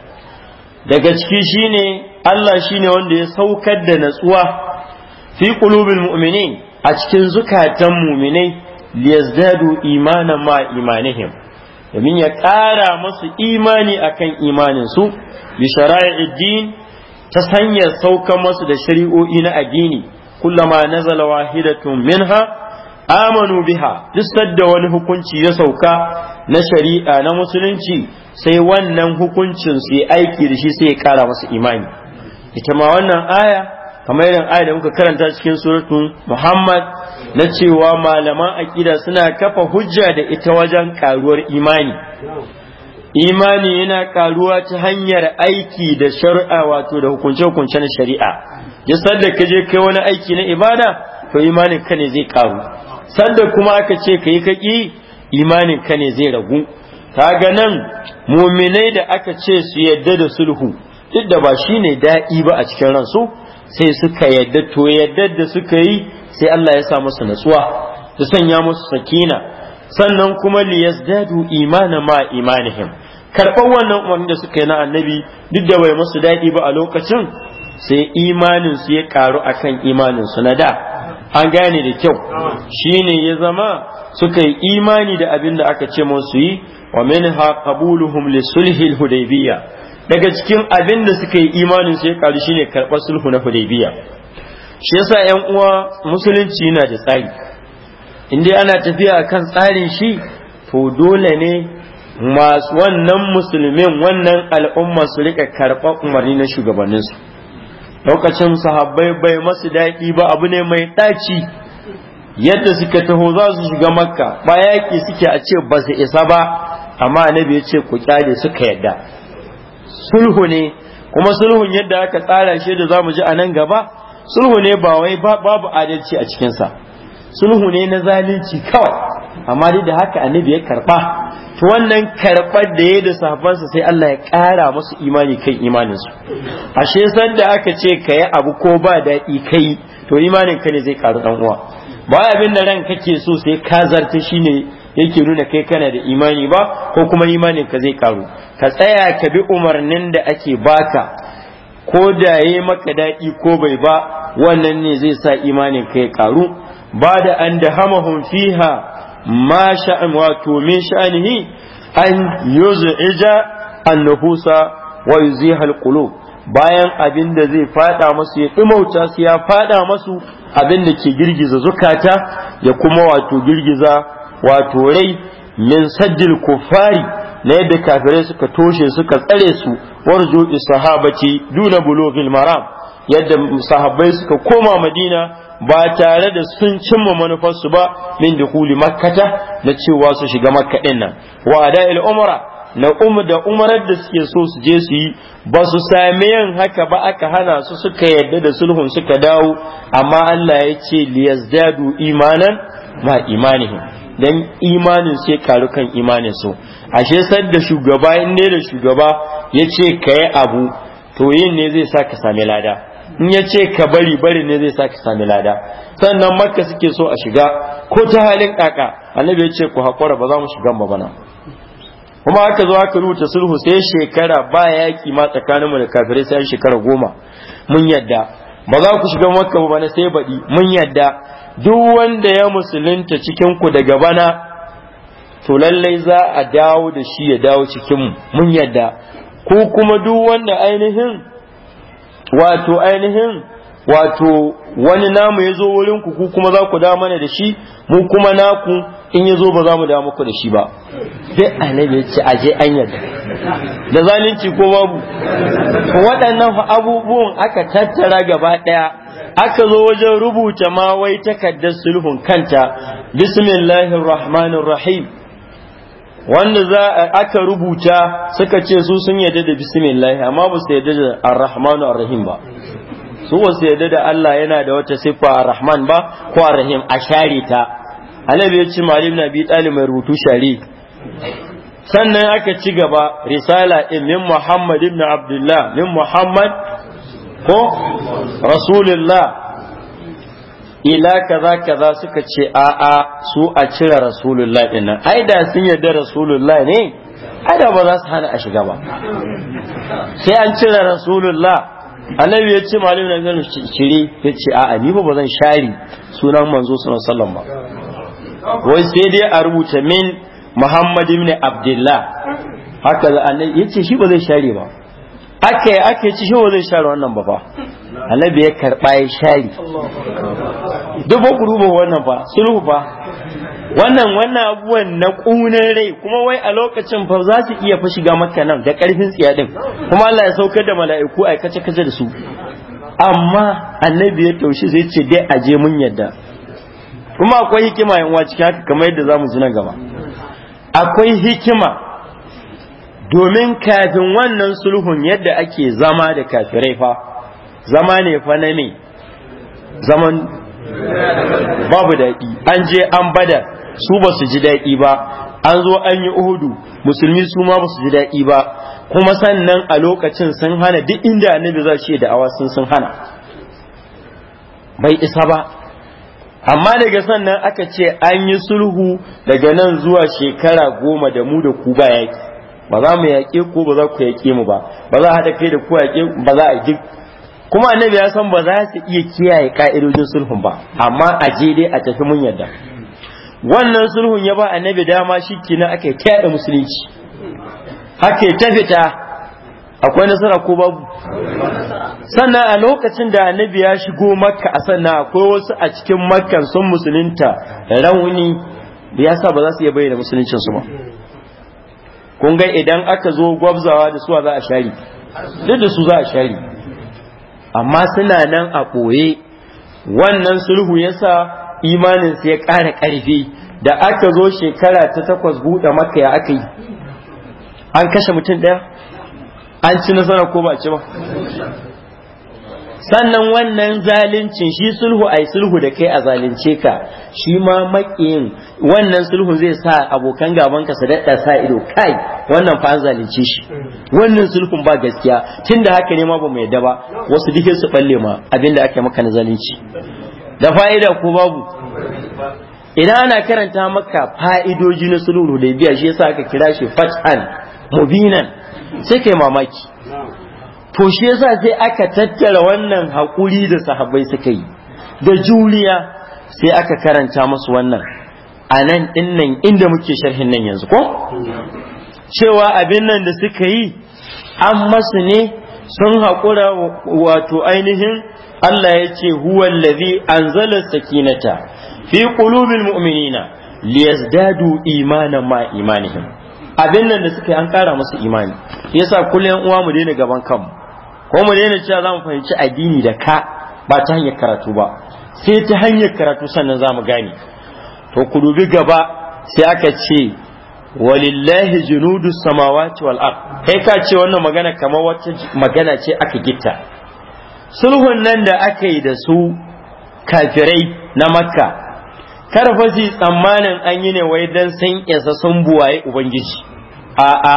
daga ciki shine Allah shine wanda ya saukar da natsuwa fi qulubil mu'minin a cikin zukatan mu'minai liyazdadu imanan ma imanihim domin ya ƙara masu imani akan imaninsu su bi shara'i'id ta sanya sauka masu da shari'o'i na addini kullama nazala wahidatun minha amanu biha duk sadda wani hukunci ya sauka na shari'a na musulunci sai wannan hukuncin sai aiki da shi sai ya ƙara masu imani ita ma wannan aya kamar irin ayat da muka karanta cikin suratu Muhammad na cewa malaman aƙida suna kafa hujja da ita wajen karuwar imani imani yana karuwa ta hanyar aiki da shari'a wato da hukunce-hukunce na shari'a ya sadda ka je kai wani aiki na ibada to imanin ka ne zai karu sadda kuma aka ce ka yi kaki imanin ka ne zai ragu kaga nan muminai da aka ce su yadda da sulhu duk da ba shine daɗi ba a cikin ransu sai suka yadda to yadda da suka yi sai Allah ya sa musu natsuwa su sanya musu sakina sannan kuma dadu imana ma imanihim karɓar wannan umarni da suka yi na annabi duk da bai musu daɗi ba a lokacin sai imanin su ya ƙaru akan imanin su na da an gane da kyau shine ya zama suka yi imani da abin da aka ce musu yi wa minha qabuluhum li sulhil hudaybiyya daga cikin abin da suka yi imanin su ya karu ne karɓar sulhu na hudaybiya shi yasa yan uwa musulunci yana da tsari in dai ana tafiya kan tsarin shi to dole ne masu wannan musulmin wannan al'umma su rika karɓar umarni na shugabanninsu lokacin sahabbai bai masu daɗi ba abu ne mai ɗaci yadda suka taho za su shiga makka ba yaƙi suke a ce ba su isa ba amma annabi ya ce ku kyale suka yadda sulhu ne kuma sulhun yadda aka tsara shi da mu ji a nan gaba sulhu ne ba wai babu adalci a cikinsa sulhu ne na zalunci kawai amma dai da haka annabi ya karba to wannan karbar da ya da safansa sai Allah ya kara masu imani kan imaninsu. ashe san da aka ce ka abu ko ba daɗi kai to imanin ka ne zai karu dan uwa ba abin da ran kake so sai ka zarta shine yake nuna kai kana da imani ba ko kuma imanin ka zai karu ka tsaya ka bi umarnin da ake baka ko da yayi maka daɗi ko bai ba wannan ne zai sa imanin ka ya karu ba da an da hamahun fiha ma sha'an wato min sha'anihi an yuz'ija an wa yuzihal qulub bayan abin da zai fada masu ya ɗumauta su ya fada masu abin da ke girgiza zukata ya kuma wato girgiza wato rai min sajjil kuffari na yadda kafirai suka toshe suka tsare su warzu sahabati duna bulughil maram yadda sahabbai suka koma madina ba tare da sun cimma manufar su ba min dukuli makkata na cewa su shiga makka din nan wa ada'il umra na umu da umarar da suke so su je su yi ba su sami yin haka ba aka hana su suka yadda da sulhun suka dawo amma Allah ya ce liyazdadu imanan ma imanihim dan imanin sai karu kan imanin su ashe sadda shugaba in ne da shugaba ya ce ka yi abu to yin ne zai sa ka sami lada in ya ce ka bari bari ne zai sa ka sami lada sannan makka suke so a shiga ko ta halin kaka annabi ya ce ku haƙura ba za mu shiga ba bana kuma aka zo aka rubuta sulhu sai shekara ba yaƙi ma tsakaninmu da kafirai sai shekara goma mun yadda ba za ku shiga makka ba na sai baɗi mun yadda duk wanda ya musulunta cikin ku daga bana to lallai za a dawo da shi ya dawo cikin mun yadda ko kuma duk wanda ainihin wato ainihin wato wani namu ya zo wurin ku ku kuma za ku da mana da shi mu kuma naku in ya zo ba za mu da muku da shi ba sai annabi ya ce aje an yadda da zalunci ko babu waɗannan abubuwan aka tattara gaba ɗaya aka zo wajen rubuta ma wai takardar sulhun kanta bismillahir rahmanir rahim wanda za aka rubuta suka ce su sun yarda da bismillah amma ba su yarda da ar-rahmanu ba su ba su yarda da Allah yana da wata siffa ar-rahman ba ko ar-rahim a share ta annabi ya ce malim nabi bi mai rubutu share sannan aka ci gaba risala in min muhammad ibn abdullah min muhammad ko rasulillah ila kaza kaza suka ce a'a su a cire rasulullah din nan ai da sun yarda rasulullah ne ai da ba za su hana a shiga ba sai an cire rasulullah annabi ya ce malamin na gani shiri ya ce a'a ni ba ba zan share sunan manzo sallallahu ba wai sai dai a rubuta min muhammad ibn abdullah haka annabi ya ce shi ba zai share ba ake ake ci shi zai share wannan ba fa annabi ya karba ya share ku kuruba wannan fa sulhu fa wannan wannan abubuwan na kunan rai kuma wai a lokacin fa za su iya fa shiga maka nan da karfin tsiya ɗin? kuma Allah ya saukar da mala'iku a kace kace da su amma annabi ya taushe zai ce dai aje mun yadda kuma akwai hikima yan cikin haka kamar yadda zamu ji nan gaba akwai hikima domin kafin wannan sulhun yadda ake zama da kafirai fa zama ne fa na me zaman babu daɗi an je an bada su ba su ji daɗi ba an zo an yi uhudu musulmi su ma ba su ji daɗi ba kuma sannan a lokacin sun hana duk inda annabi za shi da awa sun sun hana bai isa ba amma daga sannan aka ce an yi sulhu daga nan zuwa shekara goma da mu da ku ba yaki ba za mu yaƙe ko ba za ku yaƙe mu ba ba za a haɗa kai da ku yaƙe ba za a duk kuma annabi ya san ba za su iya kiyaye ka'idojin sulhun ba amma a je dai a tafi mun yadda wannan sulhun ya ba annabi dama shi na aka yi musulunci aka ta fita akwai nasara ko babu sannan a lokacin da annabi ya shigo makka a sannan akwai wasu a cikin makka sun musulunta rauni da ya sa ba za su iya bayyana musuluncinsu ba kun ga idan aka zo gwabzawa da suwa za a shari duk da su za a shari amma suna nan a ɓoye wannan sulhu yasa imaninsu ya ƙara ƙarfi da aka zo shekara ta takwas buɗe maka ya aka yi an kashe mutum ɗaya an ci nasara ko ba ci ba sannan wannan zaluncin shi sulhu ai sulhu da kai a zalunce ka shi ma makiyin wannan sulhu zai sa abokan gaban ka su dadda sa ido kai wannan fa an zalunce shi wannan sulhun ba gaskiya tunda haka ne ma ba mu yadda ba wasu dike su balle ma abinda ake maka na zalunci da fa'ida ko babu idan ana karanta maka fa'idoji na sulhu da biya shi yasa aka kira shi fat'an mubinan sai kai mamaki to shi yasa sai aka tattara wannan haƙuri da sahabbai suka yi da juriya sai aka karanta musu wannan a nan dinnan inda muke sharhin nan yanzu ko cewa abin nan da suka yi an masu ne sun haƙura wato ainihin Allah ya ce huwallazi anzala sakinata fi qulubil mu'minina liyazdadu imanan ma imanihim abin nan da suka yi an ƙara musu imani yasa kullum uwa mu daina gaban kanmu ko mu daina cewa za mu fahimci addini da ka ba ta hanyar karatu ba sai ta hanyar karatu sannan za mu gane to ku dubi gaba sai aka ce walillahi junudu samawati wal ard kai ka ce wannan magana kamar wata magana ce aka gitta sulhun nan da aka yi da su kafirai na makka kar fa su tsammanin an yi ne wai dan san isa sun buwaye ubangiji a'a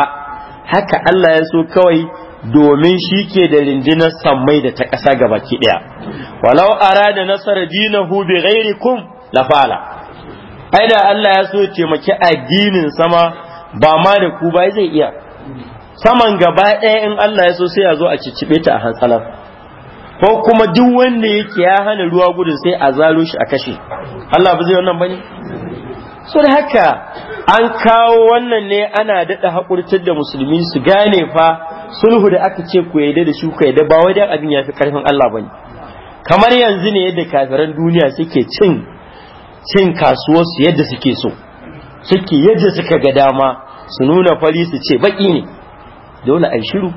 haka Allah ya so kawai domin shi ke da rindinar sammai da ta ƙasa gaba ki ɗaya walau da nasara dinahu bi kun la fala ai da Allah ya so taimaki addinin sama ba ma da ku ba zai iya saman gaba ɗaya in Allah ya so sai ya zo a cicibe ta a hansalar. ko kuma duk wanda yake ya hana ruwa gudun sai a zalo shi a kashe Allah ba zai wannan bane so da haka an kawo wannan ne ana daɗa haƙurtar da musulmi su gane fa sulhu da aka ce ku yadda da shi ku yadda ba wajen abin ya fi ƙarfin Allah ba ne. kamar yanzu ne yadda kafiran duniya suke cin cin kasuwarsu yadda suke so suke yadda suka ga dama su nuna fari su ce baki ne dole a shiru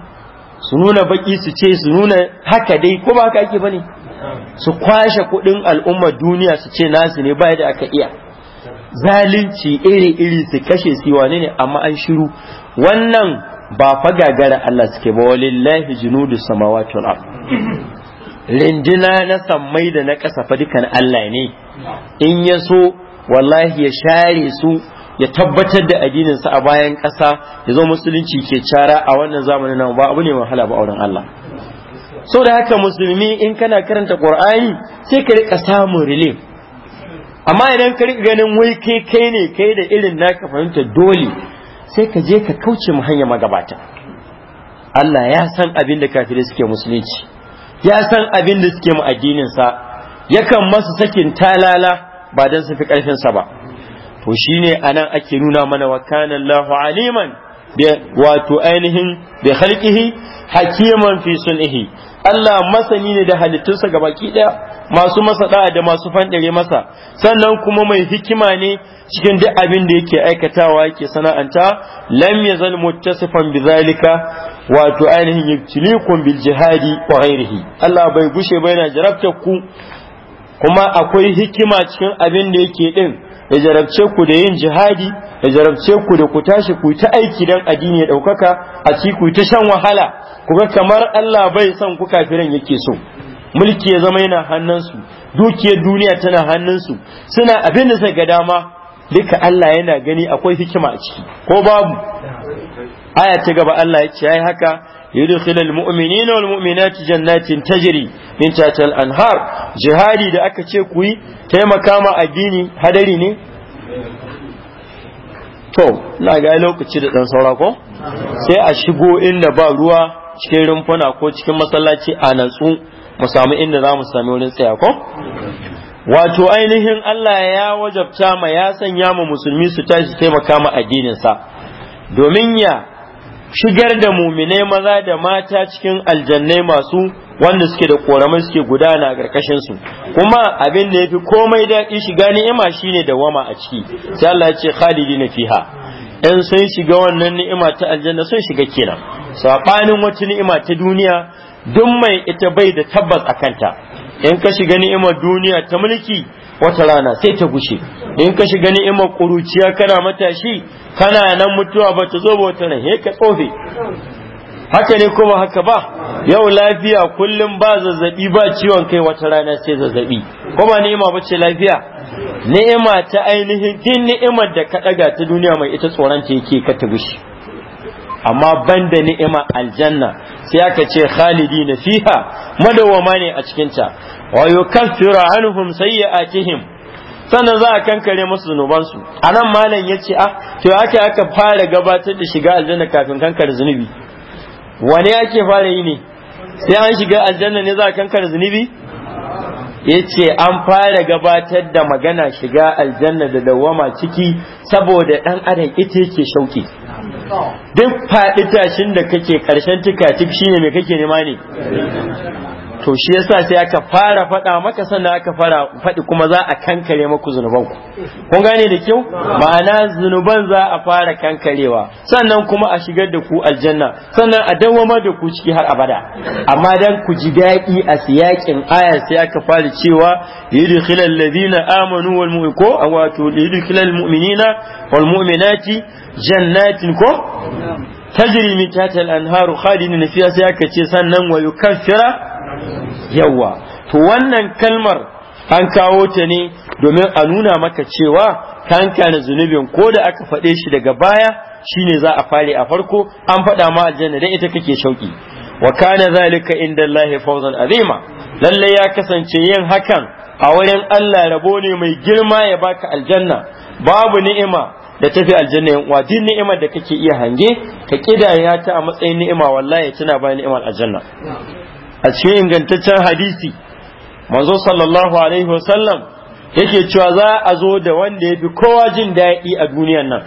su nuna baki su ce su nuna haka dai ko ba haka ake bane su kwashe kuɗin al'ummar duniya su ce nasu ne ba yadda aka iya zalunci iri-iri su kashe su wane ne amma an shiru wannan ba fa gagara Allah suke ba walillahi junudu samawati wal ard rindina na sammai da na ƙasa fa dukan Allah ne in ya so wallahi ya share su ya tabbatar da addinin addininsa a bayan ƙasa ya zo musulunci ke cara a wannan zamanin nan ba abu ne wahala ba auren Allah so da haka musulmi in kana karanta qur'ani sai ka rika samun relief amma idan ka riga ganin wai kai kai ne kai da irin naka fahimta dole sai ka je ka kauce mu hanya magabata Allah ya san abin da kafirai suke musulunci ya san abin da suke mu addinin sa yakan masu sakin talala ba dan su fi karfin sa ba to shine anan ake nuna mana wa kana Allahu aliman wato ainihin bi khalqihi hakiman fi sun'ihi Allah masani ne da halittunsa gabaki daya masu masa da'a da masu fanɗare masa sannan kuma mai hikima ne cikin duk abin da yake aikatawa yake sana'anta lam yazal muttasifan bizalika wato ainihin yubtilikum bil jihadi wa ghairihi Allah bai gushe bai na jarabta ku kuma akwai hikima cikin abin da yake din ya jarabce ku da yin jihadi ya jarabce ku da ku tashi ku ta aiki dan addini ya daukaka a ci ku ta shan wahala kuga kamar Allah bai son ku kafiran yake so mulki ya zama yana hannunsu dukiyar duniya tana hannunsu suna abin da suka ga dama duka Allah yana gani akwai hikima a ciki ko babu aya ta gaba Allah ya ce haka yudkhilul mu'minina wal mu'minati jannatin tajri min tahtiha anhar jihadi da aka ce ku yi taimaka ma addini hadari ne to na ga lokaci da dan saura ko sai a shigo inda ba ruwa cikin rumfuna ko cikin masallaci a natsu mu samu inda za mu sami wurin tsaya ko wato ainihin Allah ya wajabta ma ya sanya mu musulmi su tashi taimaka ma addinin sa domin ya shigar da muminai maza da mata cikin aljannai masu wanda suke da koramai suke gudana a karkashin su kuma abin da yafi komai daɗi shiga ni'ima shine wama a ciki sai Allah ya ce khalidina fiha in sun shiga wannan ni'ima ta aljanna sun shiga kenan sabanin wata ni'ima ta duniya duk mai ita bai da tabbas a kanta in ka shiga ni'imar duniya ta mulki wata rana sai ta gushe in ka shiga ni'imar kuruciya kana matashi kana nan mutuwa ba ta zo ba wata nan he ka tsofe haka ne kuma haka ba yau lafiya kullum ba zazzabi ba ciwon kai wata rana sai zazzabi kuma ni'ima ba ce lafiya ni'ima ta ainihin din ni'imar da ka ɗaga ta duniya mai ita tsoron ta yake ka ta gushe amma ban da ni'imar aljanna sai aka ce khalidi na fiha madawama ne a cikinta wa yukaffiru anhum sayyi'atihim sannan za a kankare musu zunubansu a nan malam ya ce ah to ake aka fara gabatar da shiga aljanna kafin kankare zunubi wane ake fara yi ne sai an shiga aljanna ne za a kankare zunubi yace an fara gabatar da magana shiga aljanna da dawama ciki saboda dan adam ita yake shauki duk faɗi tashin da kake karshen tuka tik shine me kake nema ne to shi yasa sai aka fara faɗa maka sannan aka fara faɗi kuma za a kankare maku zunuban ku kun gane da kyau ma'ana zunuban za a fara kankarewa sannan kuma a shigar da ku aljanna sannan a dawwama da ku ciki har abada amma dan ku ji daɗi a siyakin aya sai aka fara cewa yudkhilal ladina amanu wal mu'minu wato yudkhilal mu'minina wal mu'minati jannatin ko tajri min tahtiha al-anharu khalidina fiha sai aka ce sannan wa yukaffira yawa to wannan kalmar an kawo ta ne domin a nuna maka cewa kanka na zunubin ko da aka faɗe shi daga baya shine za a fare a farko an faɗa ma aljanna dan ita kake shauki wa kana zalika inda Allah fawzan azima lalle ya kasance yin hakan a wurin Allah rabo ne mai girma ya baka aljanna babu ni'ima da tafi aljanna yan uwa ni'imar da kake iya hange ka kidaya ta a matsayin ni'ima wallahi tana ba ni'imar aljanna a cikin ingantaccen hadisi manzo sallallahu alaihi wasallam yake cewa za a zo da wanda ya fi kowa jin daɗi a duniyan nan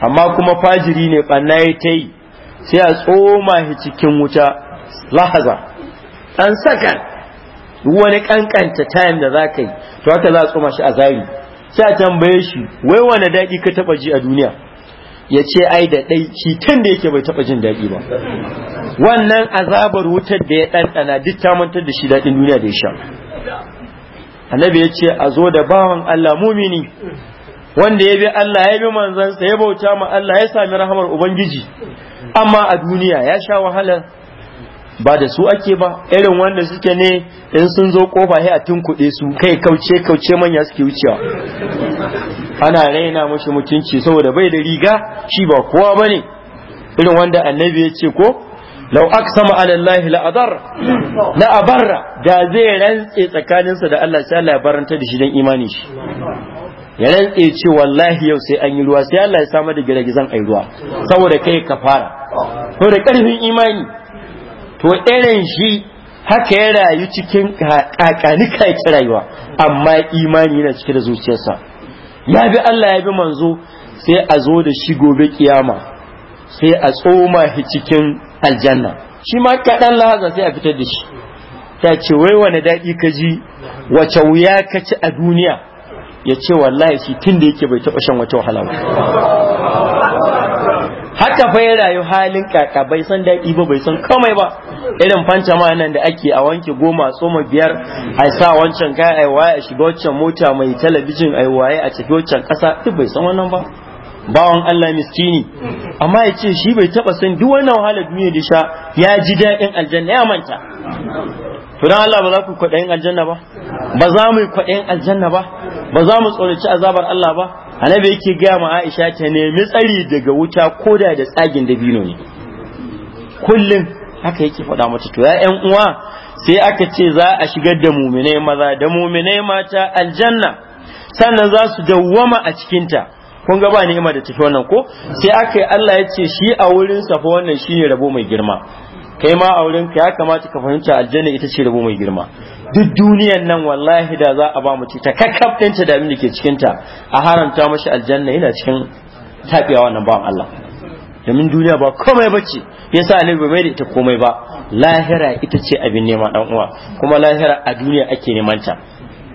amma kuma fajiri ne ɓanna ya ta yi sai a tsoma shi cikin wuta lahaza ɗan saka wani ƙanƙanta time da za ka yi to haka za a tsoma shi a zari sai a tambaye shi wai wane daɗi ka taɓa ji a duniya ya ce ai da ɗai shi tun da yake bai taɓa jin daɗi ba wannan azabar wutar da ya ɗanɗana duk ta mantar da shi daɗin duniya da ya sha annabi ya ce a zo da bawan Allah mumini wanda ya bi Allah ya bi manzansa ya bauta ma Allah ya sami rahamar ubangiji amma a duniya ya sha wahala ba da su ake ba irin wanda suke ne in sun zo kofa ya tun tunkuɗe su kai kauce kauce manya suke wucewa ana raina mashi mutunci saboda bai da riga shi ba kowa ne. irin wanda annabi ya ce ko lau aksama ala Allah la Na a abarra da zai rantse tsakaninsa da Allah sai Allah ya baranta da shi dan imani shi ya rantse ce wallahi yau sai an yi ruwa sai Allah ya samar da girgizan ai ruwa saboda kai ka fara saboda karfin imani to irin shi haka ya rayu cikin kakanika ya rayuwa amma imani yana cike da zuciyarsa ya bi Allah ya bi manzo sai a zo da shi gobe kiyama sai a tsoma shi cikin aljanna shi ma kaɗan lahaza sai a fitar da shi ta ce wai wani daɗi ka ji wace wuya ka ci a duniya ya ce wallahi shi tun da yake bai taɓa shan wata wahala ba Hatta fa ya rayu halin kaka bai san daɗi ba bai san komai ba irin fanta ma nan da ake a wanke goma soma biyar a sa wancan kaya ai waye a shiga wancan mota mai talabijin ai waye a tafi wancan ƙasa duk bai san wannan ba bawan Allah miskini amma ya ce shi bai taba san duk wannan wahalar duniya da sha ya ji daɗin aljanna ya manta to Allah ba za ku kwaɗayin aljanna ba ba za mu yi kwaɗayin aljanna ba ba za mu tsoraci azabar Allah ba annabi yake gaya ma Aisha ta nemi tsari daga wuta koda da tsagin dabino ne kullum haka yake faɗa mata to ya ƴan uwa sai aka ce za a shigar da muminai maza da muminai mata aljanna sannan za su dawwama a cikinta kun ga ba ni'ima da tafi wannan ko sai aka yi Allah ya ce shi a wurin safa wannan shine rabo mai girma kai ma auren ka ya kamata ka fahimta aljanna ita ce rabo mai girma duk duniyan nan wallahi da za a ba mu ta kakkaf da abin da ke cikin ta a haramta mashi aljanna yana cikin taɓewa nan bawan Allah domin duniya ba komai bace yasa ba bai da ita komai ba lahira ita ce abin nema dan uwa kuma lahira a duniya ake neman ta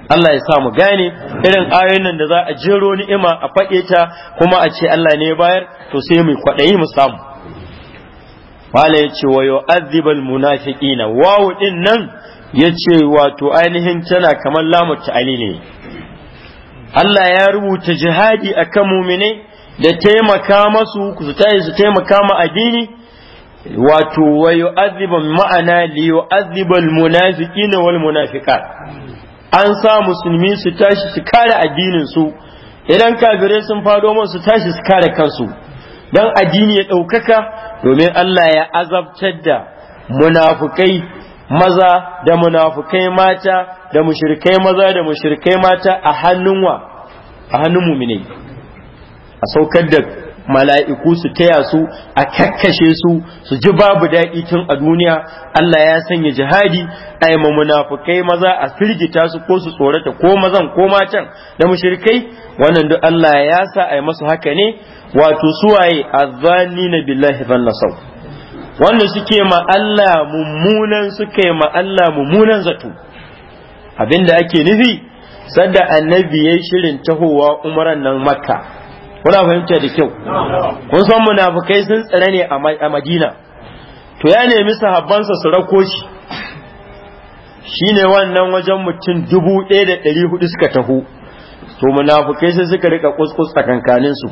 Allah ya sa mu gane irin ayoyin nan da za a jero ni'ima a faɗe ta kuma a ce Allah ne bayar to sai mu kwaɗayi mu samu wala ya ce wa yu'adhibul munafiqina wawu din nan yace wato ainihin tana kamar lamu ta'ali ne Allah ya rubuta jihadi akan mu'mine da taimaka masu su tayi su taimaka ma addini wato wa yu'adhibu ma'ana li yu'adhibul munafiqina wal munafiqat an sa musulmi su tashi su kare addinin su idan kafirai sun fado musu su tashi su kare kansu dan addini ya ɗaukaka domin Allah ya azabtar da munafukai maza da munafukai mata da mushirkai maza da mushirkai mata a hannun wa a hannun mumini a saukar da mala'iku su taya su a kakkashe su su ji babu daɗi tun a duniya Allah ya sanya jihadi a ma munafukai maza a firgita su ko su tsorata ko mazan ko matan da mushrikai wannan duk Allah ya sa a yi masu haka ne wato suwaye na billahi sau wannan suke ma Allah mummunan suke ma Allah mummunan zato abinda ake nufi sadda annabi ya shirin tahowa umaran nan makka kuna fahimta da kyau kun san munafukai sun tsare ne a madina to ya nemi sahabbansa su rako shi shine wannan wajen mutum dubu ɗaya da ɗari hudu suka taho to munafukai sai suka rika kuskus tsakankanin su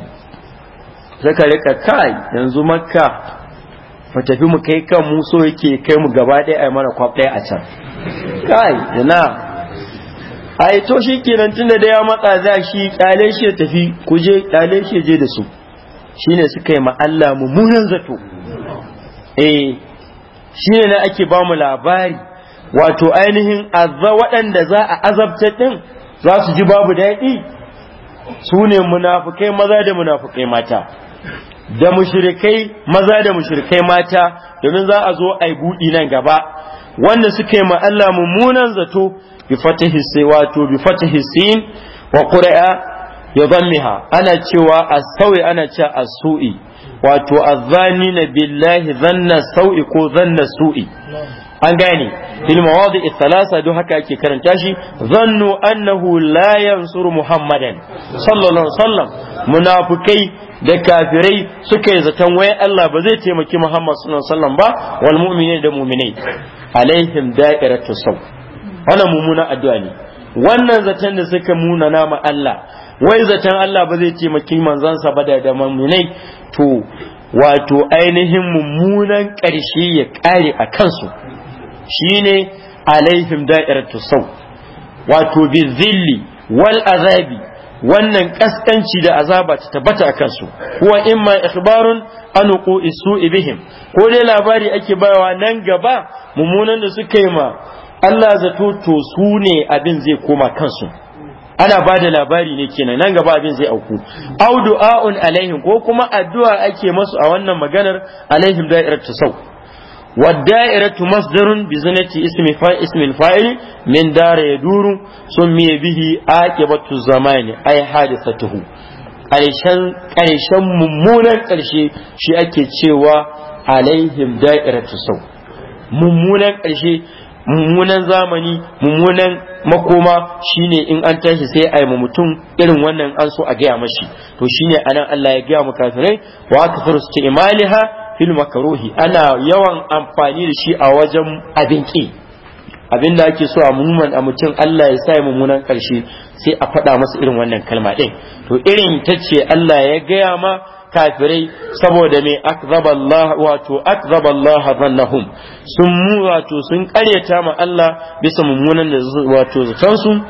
suka rika kai yanzu makka mu tafi mu kai kan mu so yake kai mu gaba ɗaya a mana kwaf ɗaya a can kai ina ai to shi kenan tunda da ya matsa za shi kyale shi ya tafi ku je kyale shi je da su shine suka yi ma Allah mummunan zato eh shine na ake ba mu labari wato ainihin azza waɗanda za a azabta din za su ji babu daɗi su ne munafukai maza da munafukai mata da mushrikai maza da mushrikai mata domin za a zo a yi buɗi nan gaba wanda suka yi ma Allah mummunan zato بفتح السوات بفتح السين وقرأ يضمها ana cewa السوء أنا تشوى السوء واتو الظانين بالله ظن السوء كو ظن su'i. an gane fil mawadi thalatha don haka ake karanta shi zannu annahu la yansuru muhammadan sallallahu alaihi wasallam da kafirai suka yi zaton wai Allah ba zai taimaki Muhammad sallallahu ba wal mu'minina da mu'minai alaihim da'iratu sa'u. wannan mummunan addu'a ne wannan zaton da suka muna nama Allah wai zaton Allah ba zai taimaki manzansa ba da da nai to wato ainihin mummunan ƙarshe ya ƙare a kansu shine alaihim da'iratu sau wato bizilli wal azabi wannan kaskanci da azaba ta tabbata a kansu kuwa ma ikhbarun an uqu bihim ko dai labari ake bayawa nan gaba mummunan da suka yi ma Allah zato to su ne abin zai koma kansu ana ba da labari ne kenan nan gaba abin zai auku au du'a'un alaihim ko kuma addu'a ake masu a wannan maganar alaihim wa da'iratu masdarun bi zinati ismi فا اسم fa'il min دار yaduru سمي bihi aqibatu zamani ay hadisatuhu ƙarshen ƙarshen mummunan ƙarshe shi ake cewa alaihim da'iratu sau mummunan ƙarshe mummunan zamani mummunan makoma shine in an tashi sai a yi ma mutum irin wannan an so a gaya mashi to shine anan Allah ya gaya maka kafirai wa kafiru su imaliha fil makruhi ana yawan amfani da shi a wajen abin ki abin ake so a mumman a mutum Allah ya sa mummunan karshe sai a faɗa masa irin wannan kalma ɗin to irin ta Allah ya gaya ma kafirai saboda me akzaba Allah wato zannahum sun mu wato sun karyata ma Allah bisa mummunan da wato zaton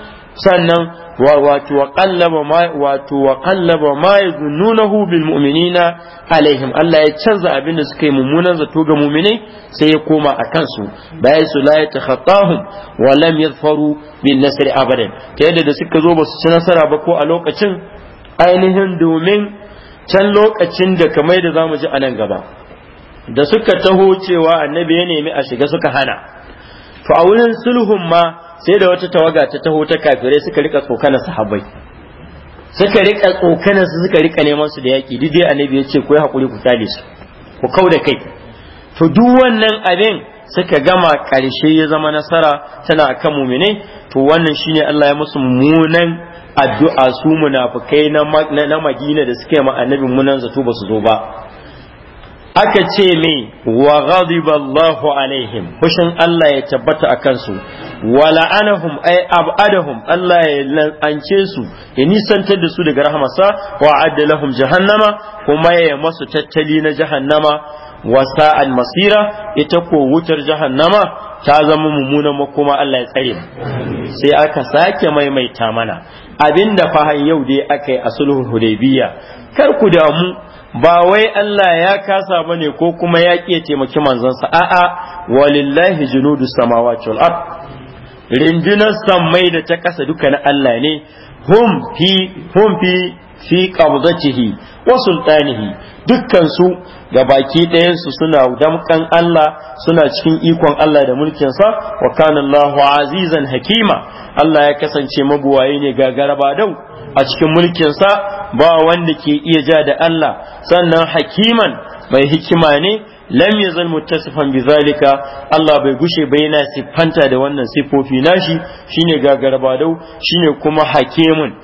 sannan wato wa qallaba ma wato wa qallaba ma yazununahu bil mu'minina alaihim Allah ya canza abin da suka yi mummunan zato ga mu'minai sai ya koma a kansu bayan su la yatakhatahum wa lam yadfaru bin nasri abadan ta da suka zo ba su ci nasara ba ko a lokacin ainihin domin can lokacin da kamar da zamu ji a nan gaba da suka taho cewa annabi ya nemi a shiga suka hana to a wurin sulhun ma sai da wata tawaga ta taho ta kafirai suka rika tsokana sahabbai suka rika tsokanan su suka rika neman su da yaki duk dai annabi ya ce ku yi hakuri ku tsale su ku kau da kai to duk wannan abin suka gama karshe ya zama nasara tana kan muminai to wannan shine Allah ya musu mummunan addu'a su munafukai na madina da suke ma annabin munan zato ba su zo ba aka ce ne wa ghadiballahu alaihim fushin Allah ya tabbata a kansu wa la'anahum ay abadahum Allah ya lance su ya nisantar da su daga rahamarsa wa adda lahum jahannama kuma ya masu tattali na jahannama wasa almasira ita ko wutar jahannama ta zama mummunan kuma Allah ya tsare sai aka sake maimaita mana abinda fahan yau dai aka yi a sulhul hudaybiya kar ku damu ba wai Allah ya kasa bane ko kuma ya ƙi taimaki sa a'a walillahi junudu samawati wal ard rindinar sammai da ta kasa duka na Allah ne hum fi hum fi fi qabdatihi wa sultanihi dukkan su ga baki ɗayan su suna damkan Allah suna cikin ikon Allah da mulkin sa wa kana Allahu azizan hakima Allah ya kasance mabuwaye ne ga garaba dau a cikin mulkin sa ba wanda ke iya ja da Allah sannan hakiman mai hikima ne lam yazal muttasifan bizalika Allah bai gushe ba yana siffanta da wannan siffofi nashi shine gagarabadau shine kuma hakimun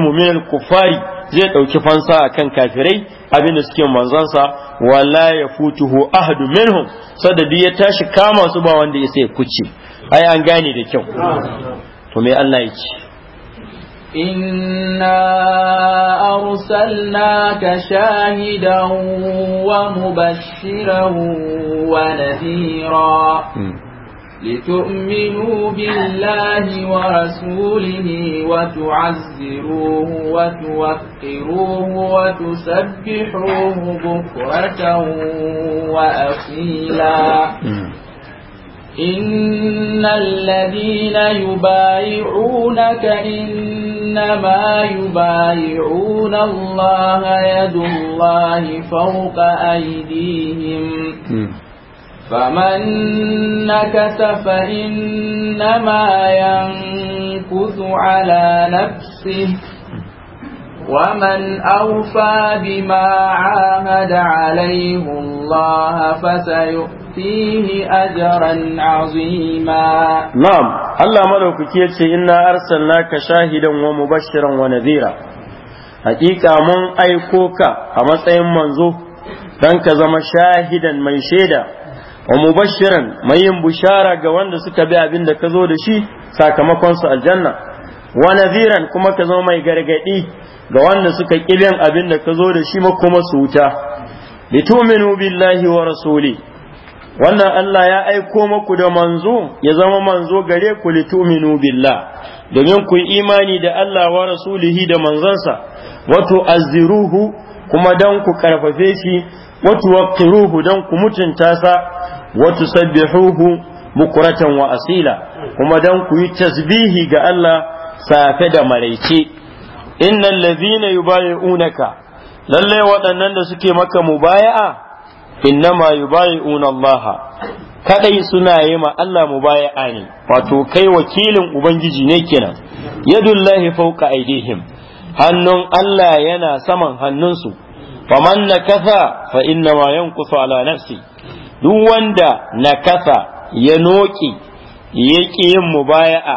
mu min kufari zai dauki fansa akan kafirai abin da suke manzansa wala ya futuhu ahadu minhum sadadi ya tashi kama su ba wanda ya sai kuce ai an gane da kyau to me Allah ya ce shahidan wa mubashiran wa nadhira hmm. لتؤمنوا بالله ورسوله وتعزروه وتوقروه وتسبحوه بكرة وأصيلا إن الذين يبايعونك إنما يبايعون الله يد الله فوق أيديهم فمن نكث فإنما ينكث على نفسه ومن أوفى بما عاهد عليه الله فسيؤتيه أجرا عظيما نعم الله ملوك كيتي إنا أرسلناك شاهدا ومبشرا ونذيرا حقيقة من أيكوك أما سيمنزو دانك زم شاهدا من شيدا wa mubashiran mai yin bushara ga wanda suka bi abin da ka zo da shi sakamakon su aljanna wa nadhiran kuma ka zama mai gargadi ga wanda suka kiben abin da ka zo da shi ma kuma su wuta litu'minu billahi wa rasuli wannan Allah ya aiko maku da manzo ya zama manzo gare ku litu'minu billah domin ku imani da Allah wa rasulihi da manzansa wato azziruhu kuma dan ku karfafe shi wato waqiruhu dan ku mutunta sa wa tusabbihuhu bukuratan wa asila kuma dan kuyi tasbihi ga Allah safe da maraice innal ladhina naka, lallai waɗannan da suke maka mubaya'a innama yubayi'una Allah kadai suna yi ma Allah mubaya'a ne wato kai wakilin ubangiji ne kenan yadullahi fawqa aidihim hannun Allah yana saman hannunsu faman nakatha fa innama yanqusu ala nafsi duk wanda naƙasa ya noki yaƙi yin mubaya'a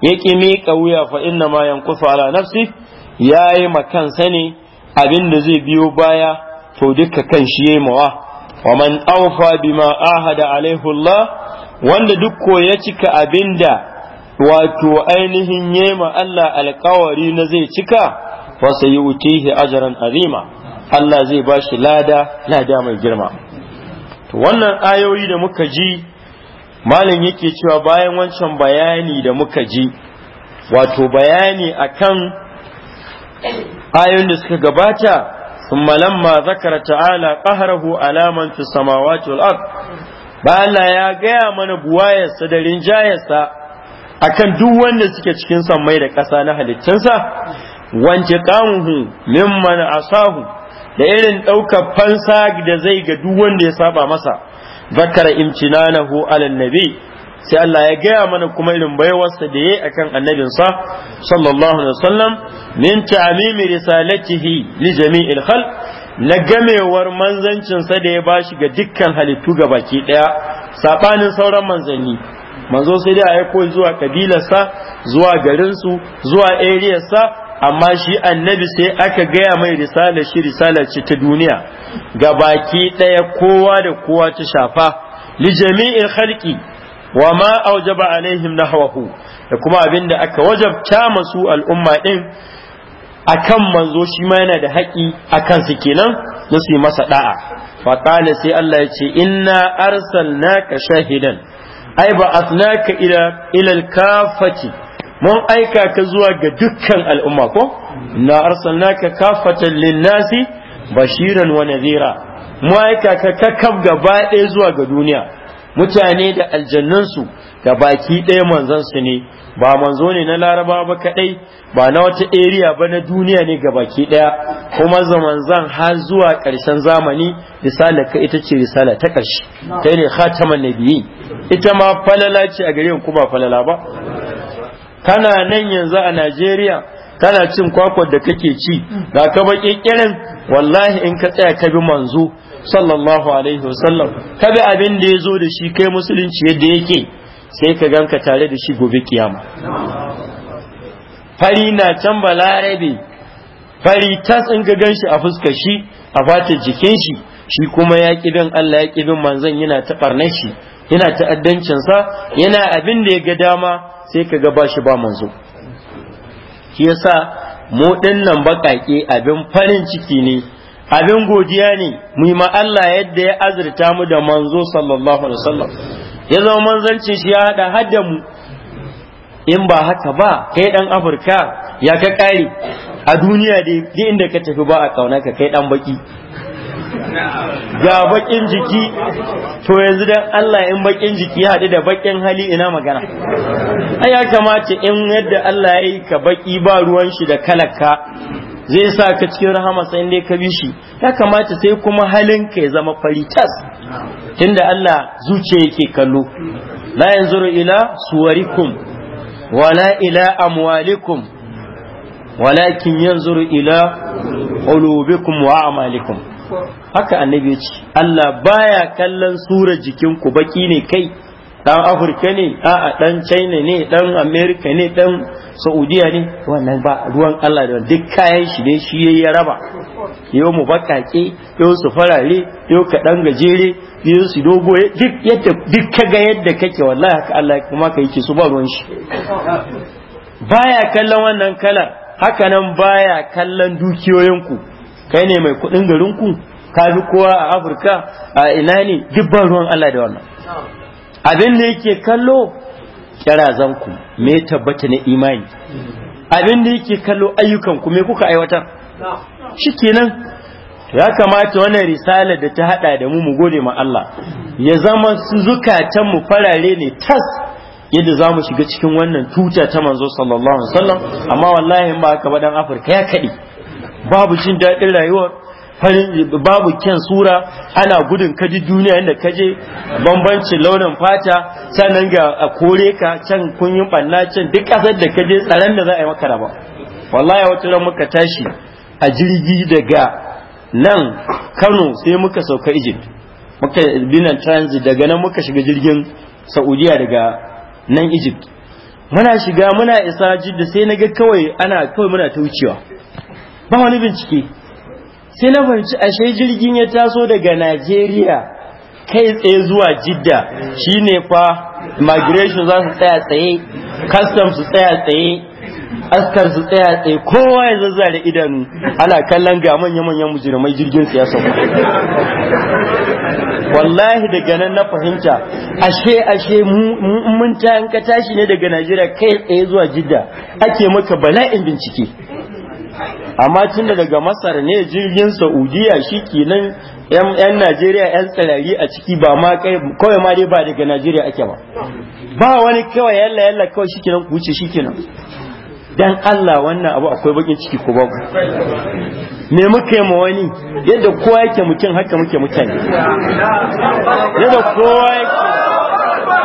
yaƙi miƙa wuya fa inna ma yankusu ala nafsi yayi makansa ne abin da zai biyo baya to duka kan shi yayi mawa wa man awfa bima ahada alaihi Allah wanda duk ko ya cika abinda wato ainihin yema Allah alkawari na zai cika fa sayutihi ajran azima Allah zai bashi lada lada mai girma to wannan ayoyi da muka ji malam yake cewa bayan wancan bayani da muka ji wato bayani akan ayoyin da suka gabata ثم لما ta'ala تعالى قهره fi samawati wal ard ba Allah ya gaya mana buwayarsa da rinjayarsa akan duk wanda suke cikin sammai da ƙasa na halittunsa wance kamuhu mimman asahu da irin ɗaukar fansa da zai ga duk wanda ya saba masa zakara imtinanahu alan nabi sai Allah ya gaya mana kuma irin baiwarsa da yayi akan annabinsa sallallahu alaihi wasallam min ta'mimi risalatihi li jami'il khalq na gamewar manzancinsa da ya bashi ga dukkan halittu ga baki daya sabanin sauran manzanni manzo sai dai a koyi zuwa kabilarsa zuwa garinsu zuwa sa. amma shi annabi sai aka gaya mai risala shi risala ce ta duniya ga baki ɗaya kowa da kowa ta shafa li jami'in khalqi wa ma aujaba alaihim nahwahu da kuma abinda aka wajabta masu al'umma din akan manzo shi ma yana da haƙi akan su kenan na su yi masa da'a fa qala sai Allah ya ce inna arsalnaka shahidan ai ba asnaka ila ila al-kafati mun aika ka zuwa ga dukkan al'umma ko na arsalnaka kafatan linnasi bashiran wa nadhira mu aika ka kakkab gaba ɗaya zuwa ga duniya mutane da su da baki ɗaya manzon su ne ba manzo ne na laraba ba kaɗai ba na wata area ba na duniya ne ga baki ɗaya kuma zaman zan har zuwa ƙarshen zamani risala ka ita ce risala ta ƙarshe ta ne khataman nabiyyi ita ma falala ce a gare ku ba falala ba kana nan yanzu a Najeriya kana cin kwakwar da kake ci da ka baki kirin wallahi in ka tsaya ka bi manzo sallallahu alaihi wasallam ka bi abin da ya zo da shi kai musulunci yadda yake sai ka ganka tare da shi gobe kiyama fari na can balarabe fari tas in ka ganshi a fuskar shi a fatar jikin shi shi kuma ya bin Allah ya bin manzon yana ta barnar shi yana ta'addancinsa yana abin da ya ga dama sai ka ga ba shi ba manzo shi yasa mu dinnan baƙaƙe abin farin ciki ne abin godiya ne mu yi Allah yadda ya azurta mu da manzo sallallahu alaihi wasallam ya zama manzancin shi ya hada hadda mu in ba haka ba kai dan afirka ya ka kare a duniya dai inda ka tafi ba a kauna ka kai dan baki ga bakin jiki to yanzu dan Allah in bakin jiki ya haɗu da bakin hali ina magana ai ya kamata in yadda Allah ya yi ka baki ba ruwan shi da kalaka zai sa ka cikin rahama sai dai ka bi shi ya kamata sai kuma halin ka ya zama fari tas tunda Allah zuciya yake kallo la yanzuru ila suwarikum wala ila amwalikum walakin yanzuru ila qulubikum wa amalikum haka annabi ya ce Allah baya kallon sura jikin ku baki ne kai dan Afirka ne a dan China ne dan America ne dan Saudiya ne wannan ba ruwan Allah da duk kayan shi ne shi ya raba yau mu bakake yau su farare yau ka dan gajere yau su dogo duk yadda duk kaga yadda kake wallahi haka Allah kuma ka yake su ba ruwan shi baya kallon wannan kalar haka nan baya kallon dukiyoyinku kai ne mai kuɗin garinku ka fi kowa a afirka a ina ne duk ruwan allah da wannan abin da yake kallo kirazanku me tabbata na imani abin da yake kallo ayyukanku me kuka aiwatar shikenan ya kamata wannan risalar da ta hada da mu mu gode ma Allah ya zama su zukatan mu farare ne tas yadda za mu shiga cikin wannan tuta ta manzo sallallahu alaihi wasallam amma wallahi ba haka ba dan Afirka ya kadi babu jin daɗin rayuwar babu kyan sura ana gudun kaji duniya inda kaje bambancin launin fata sannan ga a kore ka can kun yi banna can duk ƙasar da kaje tsaron da za a yi maka raba wallahi wata ran muka tashi a jirgi daga nan Kano sai muka sauka Egypt muka binan transit daga nan muka shiga jirgin Saudiya daga nan Egypt muna shiga muna isa jidda sai na ga kawai ana kawai muna ta wucewa ba wani bincike sai na fahimci ashe jirgin ya taso daga Najeriya kai tsaye zuwa Jidda shine fa migration za su tsaya tsaye customs su tsaya tsaye askar su tsaya tsaye kowa ya da idanu ana kallon ga manya-manyan mujirmai jirgin su ya siyasa wallahi daga nan na fahimta ashe ashe mun ta ka tashi ne daga najeriya kai tsaye zuwa jidda ake maka bala'in bincike amma tun da daga masar ne jirgin saudiya shi kenan yan najeriya yan tsirari a ciki ba ma kawai ma dai ba daga najeriya ake ba ba wani kawai yalla yalla kawai shi kenan ku wuce shi kenan dan allah wannan abu akwai bakin ciki ko ba me muka yi ma wani yadda kowa yake mutum haka muke mutane yadda kowa yake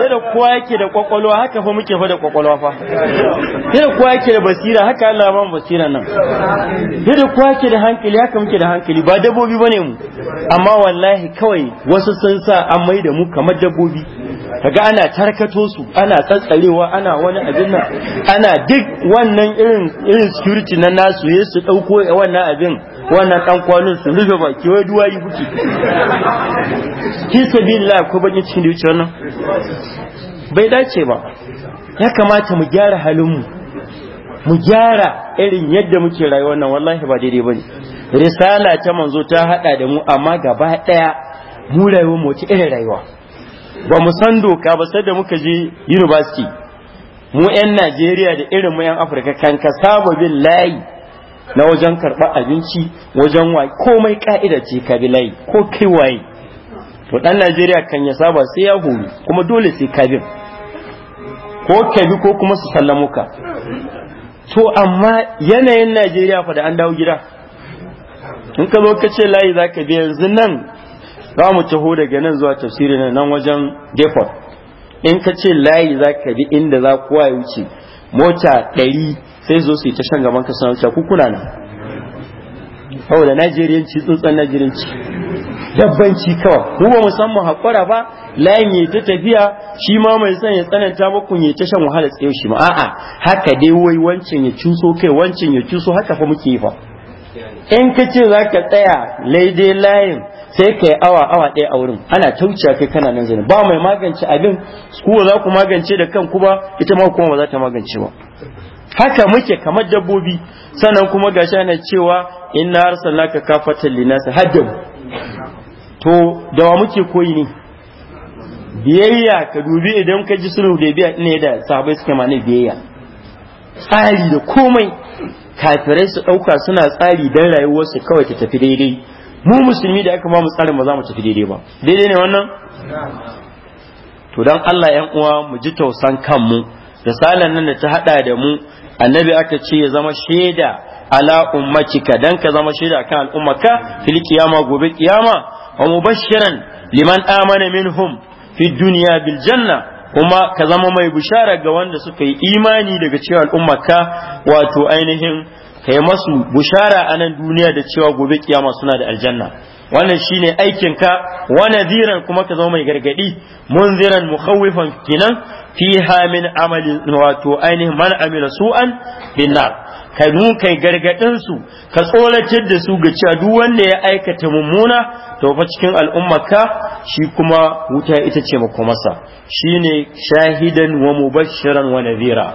da kowa yake da kwakwalwa haka fa muke fa da kwakwalwa fa sai da kowa yake da basira haka Allah ba mu basira nan sai da kowa yake da hankali haka muke da hankali ba dabbobi bane mu amma wallahi kawai wasu sun sa an mai da mu kamar dabbobi kaga ana tarkato su ana tsatsarewa ana wani abin nan ana duk wannan irin irin security na nasu ya su dauko wannan abin wannan dan kwanin su rufe baki wai duwayi kuke fi sabilillah ko bakin cikin da wannan bai dace ba ya kamata mu gyara halin mu mu gyara irin yadda muke rayuwar nan wallahi ba daidai bane risala ta manzo ta hada da mu amma gaba daya mu rayuwa mu ci irin rayuwa ba mu san doka ba sai da muka je university mu 'yan najeriya da irin mu 'yan afirka kan ka saba bin layi na wajen karɓar abinci wajen waye komai ka'ida ce ka bi layi ko kai waye to ɗan najeriya kan ya saba sai ya hori kuma dole sai ka bi ko ka bi ko kuma su sallamuka ka to amma yanayin najeriya fa da an dawo gida in ka zo ka ce layi zaka bi yanzu nan za mu taho daga nan zuwa tafsiri na nan wajen depot in ka ce layi za ka bi inda za kowa ya wuce mota ɗari sai zo su ta shan gaban ka suna wuce kukuna ne da najeriyanci tsuntsan najeriyanci dabbanci kawai mu ba musamman haƙura ba layin ya ta tafiya shi ma mai son ya tsananta muku ya ta shan wahala tsaye shi ma a'a haka dai wai wancan ya cuso kai wancan ya cuso haka fa muke yi fa in ka ce za ka tsaya dai layin sai kai awa awa ɗaya a wurin ana tauciya kai kana nan zane ba mai magance abin ku za ku magance da kanku ba ita ma kuma ba za ta magance ba haka muke kamar dabbobi sannan kuma gashi ana cewa inna arsalnaka kafatan linnas haddam to da wa muke koyi ne biyayya ka dubi idan ka ji sulhu da biya ina da sahabbai suke ma ne biyayya tsari da komai kafirai su ɗauka suna tsari don rayuwarsu kawai ta tafi daidai mu musulmi da aka ba mu tsarin ba za mu tafi daidai ba daidai ne wannan to dan Allah yan uwa mu ji tausan kanmu salan nan da ta hada da mu annabi aka ce ya zama shaida ala ka dan ka zama shaida kan al'ummaka fil qiyama gobe qiyama. wa mubashiran liman amana minhum fi dunya bil janna kuma ka zama mai bishara ga wanda suka yi imani daga cewa al'ummaka wato ainihin kai masu bushara a nan duniya da cewa gobe kiyama suna da aljanna wannan shine aikin ka wa nadhiran kuma ka zama mai gargadi munziran mukhawifan kinan fiha min amali wato ainihin man amila su'an binnar ka kai gargadin su ka tsoratar da su ga cewa duk wanda ya aikata mummuna to fa cikin al'ummarka shi kuma wuta ita ce makomarsa shine shahidan wa mubashiran wa nadhira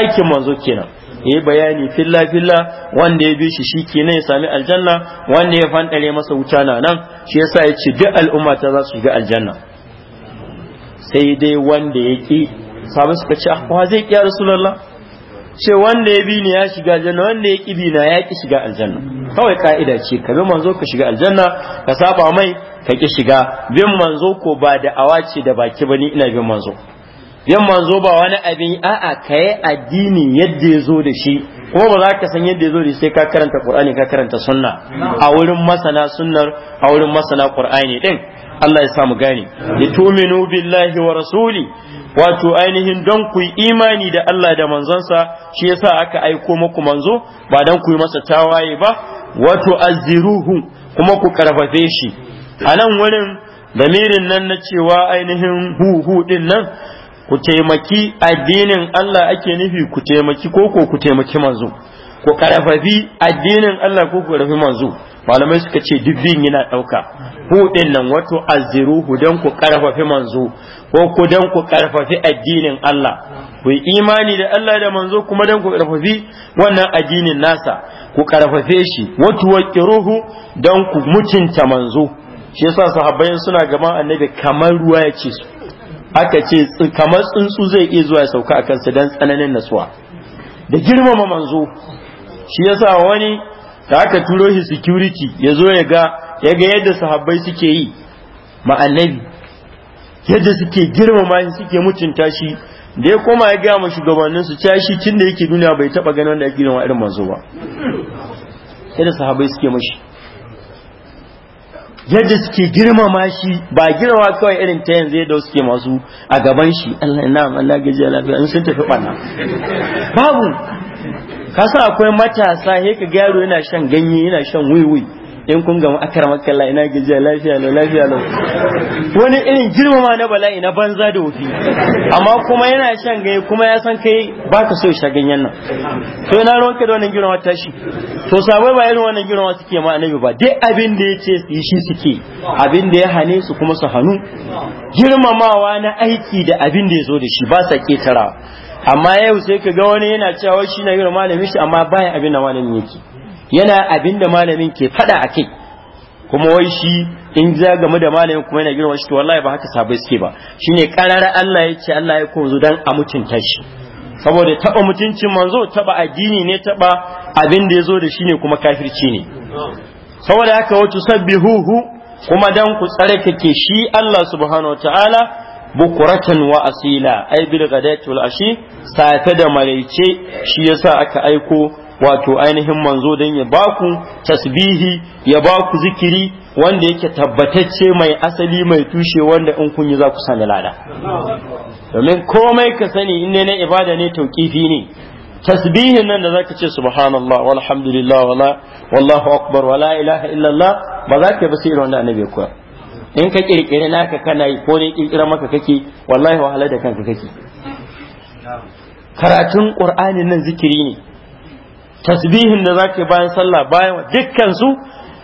aikin manzo kenan yayi bayani filla filla wanda ya bi shi shi shikenan ya sami aljanna wanda ya fandare masa wuta na nan shi yasa yace duk al'umma ta za su shiga aljanna sai dai wanda ya ki sabu suka ce ah, wa zai ki rasulullah ce wanda ya bi ni ya shiga aljanna wanda ya ki bi na ya ki shiga aljanna kawai ka'ida ce ka bi manzo ka shiga aljanna ka saba mai ka ki shiga bin manzo ko ba da awa ce da baki bane ina bin manzo yamma manzo ba wani abin a'a kayi addini yadda ya zo da shi kuma ba za ka san yadda ya zo da shi sai ka karanta qur'ani ka karanta sunna a wurin masana sunnar a wurin masana qur'ani din Allah ya sa mu gane ya tuminu billahi wa rasuli wato ainihin don ku imani da Allah da manzonsa shi yasa aka aiko muku manzo ba don ku yi masa tawaye ba wato azziruhu kuma ku karfafe shi a nan wurin damirin nan na cewa ainihin hu hu din nan ku taimaki addinin Allah ake nufi ku taimaki koko ku taimaki manzo ku karfafi addinin Allah ko ku karfafi manzo malamai suka ce dubbin yana ɗauka ɗin nan wato azziruhu don ku karfafi manzo ko ku don ku karfafi addinin Allah ku imani da Allah da manzo kuma don ku karfafi wannan addinin nasa ku karfafe shi wato waqiruhu don ku mutunta manzo shi yasa sahabbai suna gaban annabi kamar ruwa ya ce su aka ce kamar tsuntsu zai iya zuwa ya sauka a kansa don tsananin nasuwa da girmama manzo shi yasa wani da aka turo shi security ya zo ya ga yadda sahabbai suke yi ma'annabi yadda suke girmama shi suke mutunta shi da ya koma ya gaya ma shugabannin su cewa shi tun da yake duniya bai taba ganin wanda ya girma irin manzo ba yadda sahabbai suke mashi yadda suke girmama shi ba girma kawai irin ta yanzu yadda suke masu a gaban shi Allah na Allah gaji lafiya in sun tafi bana babu kasa akwai matasa he ka yaro yana shan ganye yana shan wiwi in kun gama akramaka kalla ina gajiya lafiya lau lafiya lau wani irin girmama na bala'i na banza da wofi amma kuma yana shan gaye kuma ya san kai baka so sha ganyen nan to ina ruwan ka da wannan girmama tashi to sabai ba irin wannan girmama suke ma annabi ba dai abin da ya ce su yi shi suke abin da ya hane su kuma su hanu girmamawa na aiki da abin da ya zo da shi ba sa ketarawa amma yau sai ka ga wani yana cewa shi na girmama malamin shi amma baya abin da malamin yake yana abin da malamin ke faɗa a kai kuma wai shi in za game da malamin kuma yana girma shi to wallahi ba haka sabai suke ba shine karara Allah ya Allah ya kozo dan a mutunta shi saboda taba mutuncin manzo taba addini ne taba abin da yazo da shi ne kuma kafirci ne saboda haka wato sabbihuhu kuma dan ku tsarkake shi Allah subhanahu wataala bukuratan wa asila ai bil ghadati wal ashi safe da maraice shi yasa aka aiko wato ainihin manzo don ya baku tasbihi ya baku zikiri wanda yake tabbatacce mai asali mai tushe wanda in kun yi za ku sani lada domin komai ka sani in na ibada ne tauƙifi ne tasbihin nan da za ka ce subhanallah walhamdulillah wala wallahu akbar wala ilaha illallah ba za ka ba irin wanda annabi ya in ka kirkire naka kana yi ko ne kirkira maka kake wallahi wahala da kanka kake karatun qur'ani nan zikiri ne tasbihin da zaka bayan sallah bayan dukkan su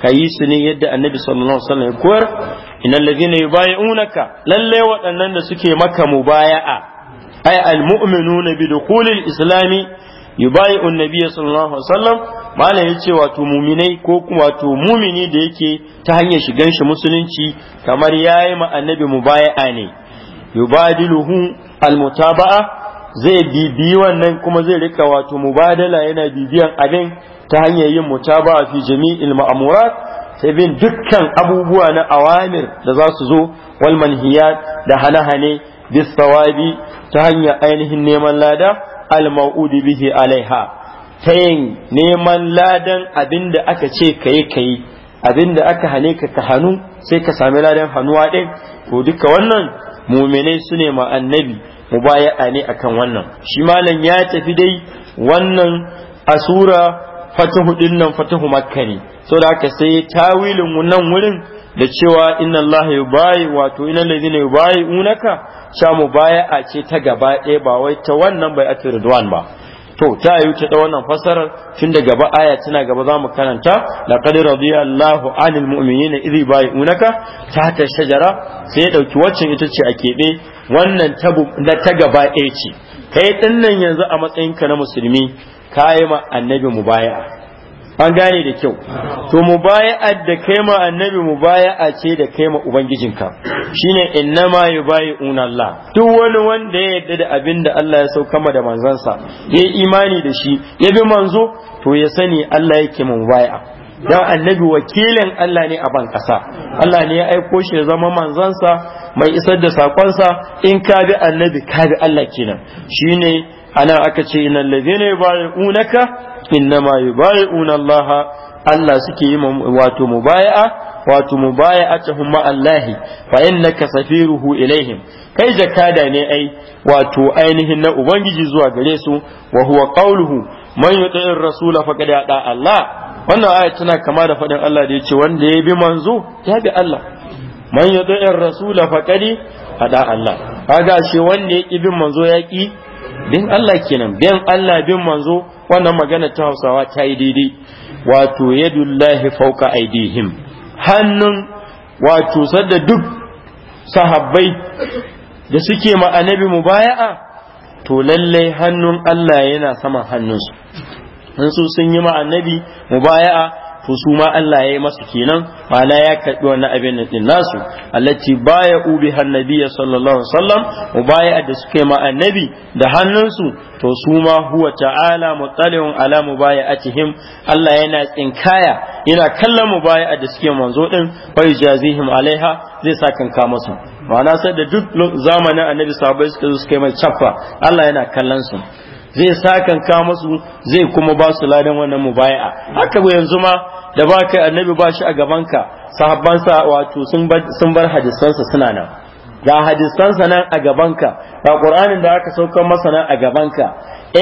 kayi su ne yadda annabi sallallahu alaihi wasallam ya koyar innal ladhina yubayyi'unaka lalle waɗannan da suke maka mubaya'a ay almu'minuna bi dukhulil islami yubayi'u annabiyya sallallahu alaihi wasallam malam yace wato muminai ko kuma wato mumini da yake ta hanyar shigan shi musulunci kamar yayi ma annabi mubaya'a ne yubadiluhu almutaba'a zai bibiyi wannan kuma zai rika wato mubadala yana bibiyan abin ta hanyar yin mutaba fi jami'il ma'amurat sai bin dukkan abubuwa na awamir da za su zo wal manhiyat da hane-hane sawabi ta hanyar ainihin neman lada al ma'udi bihi alaiha ta yin neman ladan abin da aka ce kayi kayi abin da aka hane ka ka hannu sai ka sami ladan hannuwa ɗin to duka wannan muminai su ne ma annabi mubaya'a ne akan wannan shi malam ya tafi dai wannan asura fatahu din nan fatahu makka ne saboda haka sai tawilin nan wurin da cewa inna Allah ya bayi wato inna lazina ya bayi unaka sha mubaya'a ce ta gaba ɗaya ba wai ta wannan bai ati ridwan ba to ta yi ta wannan fasarar tun da gaba aya tana gaba za mu karanta laqad radiyallahu anil mu'minina idh yubayyi'unaka ta shajara sai ya dauki waccan ita ce a keɓe wannan ta gaba ɗaya ce kai ɗinnan yanzu a matsayinka na musulmi ka ma annabi mubaya'a an gane da kyau to mubaya'at da kai ma annabi mubaya'a ce da kaima ma ubangijinka shine innama yubayi'una Allah duk wani wanda ya yarda da abin da Allah ya sauka ma da manzansa yayi imani da shi ya bi manzo to ya sani Allah yake mu mubaya'a dan annabi wakilin Allah ne a ban kasa Allah ne ya aiko shi ya zama manzansa mai isar da sakonsa in ka bi annabi ka bi Allah kenan shine ana aka ce innal ladhina unaka. innama yubayi'una Allah Allah suke yi wato mubaya'a wato mubaya'atuhum Allahi Allah fa innaka safiruhu ilaihim kai jakada ne ai wato ainihin na ubangiji zuwa gare su wa huwa qawluhu man yuti'ir rasul faqad yada Allah wannan aya tana kama da fadin Allah da yace wanda ya bi manzo ya bi Allah man yuti'ir rasul faqad yada Allah kaga shi wanda ya ki bin manzo ya ki bin Allah kenan bin Allah bin manzo wannan magana ta Hausawa ta yi daidai wato yadullahi fauka aidihim hannun wato sadda duk sahabbai da suke ma annabi mubaya'a to lallai hannun Allah yana sama hannunsu in su sun yi ma annabi mubaya'a to su ma Allah ya yi masu kenan ma'ana ya karbi wannan abin nan din nasu allati baya ubi hannabiya sallallahu alaihi wasallam mubaya'a da suka ma annabi da hannunsu to su ma huwa ta'ala mutalihun ala mubaya'atihim Allah yana tsinkaya yana kallon a da suke manzo din fa yajazihim alaiha zai sa kanka musu ma'ana sai da duk zamanin annabi sahabbai suka zo suka mai chaffa Allah yana kallon su zai sakan ka musu zai kuma ba su ladan wannan mubaya'a haka yanzu ma da ba kai annabi ba shi a gabanka sa wato sun bar hadisansa suna nan ga hadisansa nan a gabanka ga qur'anin da aka saukar masa nan a gabanka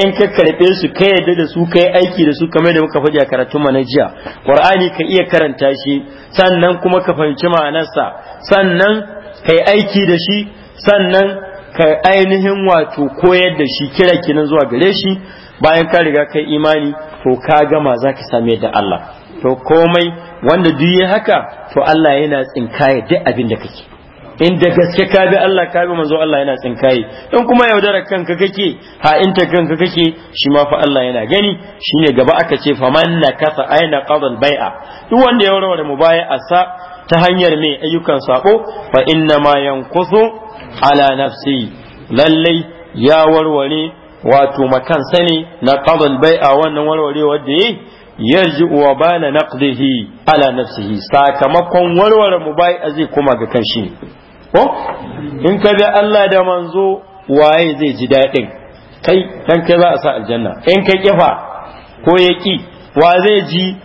in ka karbe su ka yadda da su kai aiki da su kamar da muka faɗi a karatun mana jiya qur'ani ka iya karanta shi sannan kuma ka fahimci ma'anarsa sannan kai aiki da shi sannan ka ainihin wato koyar da shi kira kinan zuwa gare shi bayan ka riga kai imani to ka gama za ka same da Allah to komai wanda duk ya haka to Allah yana tsinkaye duk abin da kake in gaske ka bi Allah ka bi manzo Allah yana tsinkaye in kuma yaudarar kanka kake ha in kanka kake shi ma fa Allah yana gani shine gaba aka ce fa faman nakasa aina qadal bai'a duk wanda ya warware mubaya'a sa ta hanyar mai ayyukan sabo fa inna ma yanqusu ala nafsi lallai ya warware wato makansa ne na qadal bai'a wannan warware wanda yi yarji wa bana naqdihi ala nafsihi sakamakon warware mu bai zai kuma ga kanshi shi. ko in ka bi Allah da manzo waye zai ji daɗin kai dan kai za a sa aljanna in ka kifa ko ya wa zai ji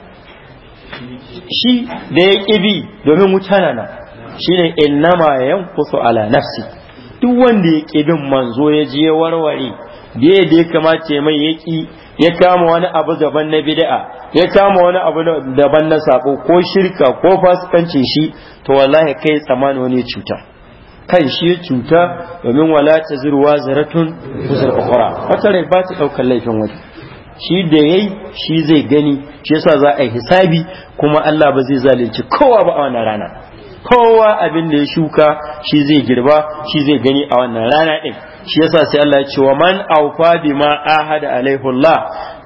shi da ya bi domin wuta na shine innama yankusu ala nafsi duk wanda ya bin manzo ya je warware ya da ya ce mai ya ya kama wani abu daban na bid'a ya kama wani abu daban na sako ko shirka ko fasikanci shi to wallahi kai tsamani wani cuta kan shi ya cuta domin wala ta zirwa zaratun kusur wata rai ba ta daukar laifin wani shi da yayi shi zai gani shi yasa za a yi hisabi kuma Allah ba zai zalunci kowa ba a wannan rana kowa abin da ya shuka shi zai girba shi zai gani a wannan rana ɗin shi yasa sai Allah ya ce wa man awfa bima ahada alaihi Allah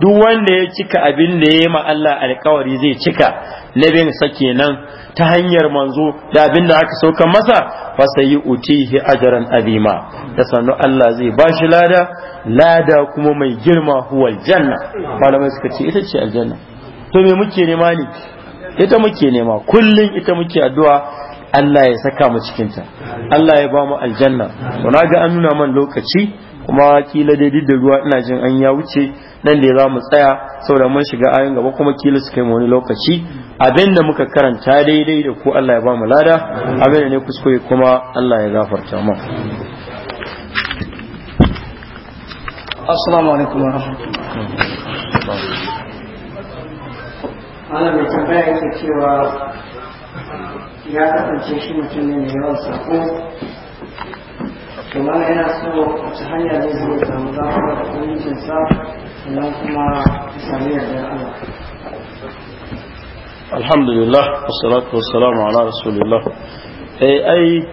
duk wanda ya cika abin da ya ma Allah alƙawari zai cika labin sa kenan ta hanyar manzo da abin da aka sauka masa fa sai utihi ajran azima da sannu Allah zai bashi lada lada kuma mai girma huwal janna malamai suka ce ita ce aljanna to me muke nema ne ita muke nema kullum ita muke addu'a Allah ya saka mu cikinta Allah ya ba mu aljanna to na ga an nuna man lokaci kuma kila daidai da ruwa ina jin an ya wuce nan da za mu tsaya saboda mun shiga ayin gaba kuma kila su kai mu wani lokaci Abinda muka karanta daidai da ku Allah ya ba mu lada abin ne kuskure kuma Allah ya gafarta mu assalamu alaikum wa wabarakatuh ana mai tambaya yake cewa ya kasance shi mutum ne mai yawan sako kuma yana so wace hanya ne zai samu zafara da ubangijinsa sannan kuma ya sami yardar Allah alhamdulillah wassalatu wassalamu ala rasulillah eh ai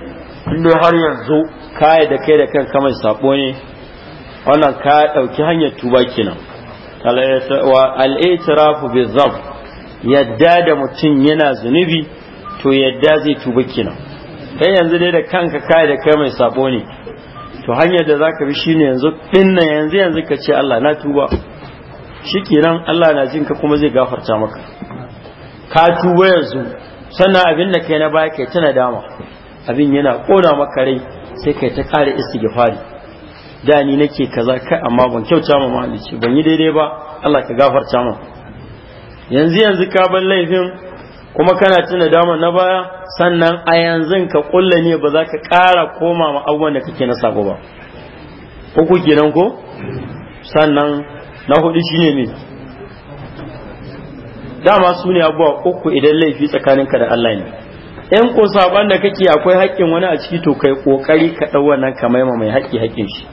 inda har yanzu kai da kai da kanka kamar sabo ne wannan ka dauki hanyar tuba kenan al-i'tirafu bi yadda da mutum yana zunubi to yadda zai tuba kenan kai yanzu dai da kanka kai da kai mai sabo ne to hanyar da zaka bi shine yanzu dinna yanzu yanzu ka ce Allah na tuba shikenan Allah na jin ka kuma zai gafarta maka ka tuba yanzu sannan abin da kai na baya kai tana dama abin yana kona maka rai sai kai ta kare istighfari da ni nake kaza kai amma ban kyauta ma malici ban yi daidai ba Allah ka gafarta min yanzu yanzu ka ban laifin kuma kana tuna dama na baya sannan a yanzu ka kulla ne ba za ka ƙara koma ma abubuwan da kake na sako ba uku kenan ko sannan na hudu shine ne dama su ne abubuwa uku idan laifi tsakanin ka da Allah ne in ko saban da kake akwai haƙƙin wani a ciki to kai kokari ka ɗau wannan ka maima mai haƙƙi haƙƙin shi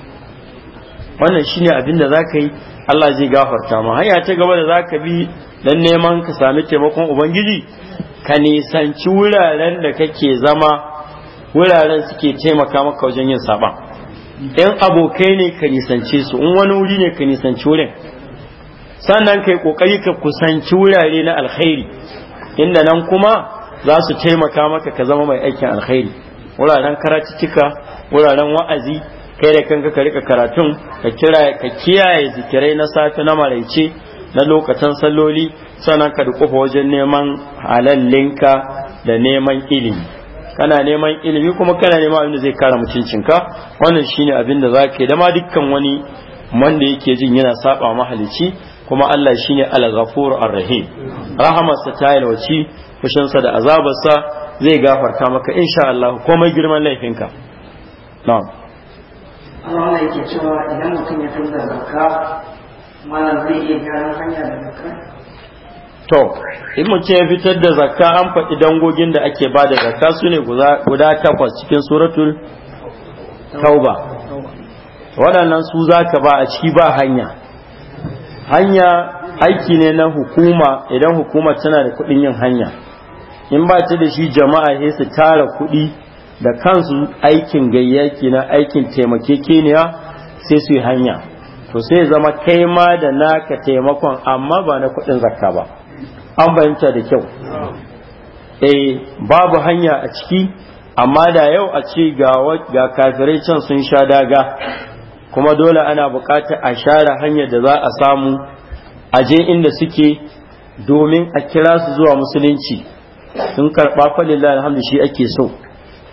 wannan shine abin da zaka yi Allah zai gafarta ma hanya ta gaba da zaka bi dan neman ka sami taimakon ubangiji ka nisanci wuraren da kake zama wuraren suke taimaka maka wajen yin saba in abokai ne ka nisance su in wani wuri ne ka nisanci wurin sannan kai kokari ka kusanci wurare na alkhairi inda nan kuma za su taimaka maka ka zama mai aikin alkhairi wuraren karatuttuka wuraren wa'azi kai da kanka ka rika karatun ka kira ka kiyaye zikirai na safe na maraice na lokacin salloli sannan ka dukufa wajen neman halallinka da neman ilimi kana neman ilimi kuma kana neman abin da zai kara mutuncinka wannan shine abin da zake da ma dukkan wani wanda yake jin yana saba mahalici kuma Allah shine al-ghafur ar-rahim rahamarsa ta yalwaci fushinsa da azabarsa zai gafarta maka insha Allah komai girman laifinka na'am Allah ke cewa idan mutum ya tunda zakka malam iya hanya da zakka To, in mutum ya fitar da zakka an faɗi dangogin da ake ba da zakka su ne guda takwas cikin suratul tauba. Waɗannan su za ka ba a ciki ba hanya. Hanya aiki ne na hukuma idan hukuma tana da kuɗin yin hanya. In ba ta da shi jama'a sai su tara kuɗi da kansu aikin gayyaki na aikin taimakekeniya sai su yi hanya to sai zama kai ma da naka taimakon amma ba na kuɗin zakka ba an bayanta da kyau eh babu hanya a ciki amma da yau a ce ga kafirai can sun sha daga kuma dole ana buƙatar a share hanyar da za a samu a je inda suke domin a kira su zuwa musulunci sun karɓa falillah alhamdu shi ake so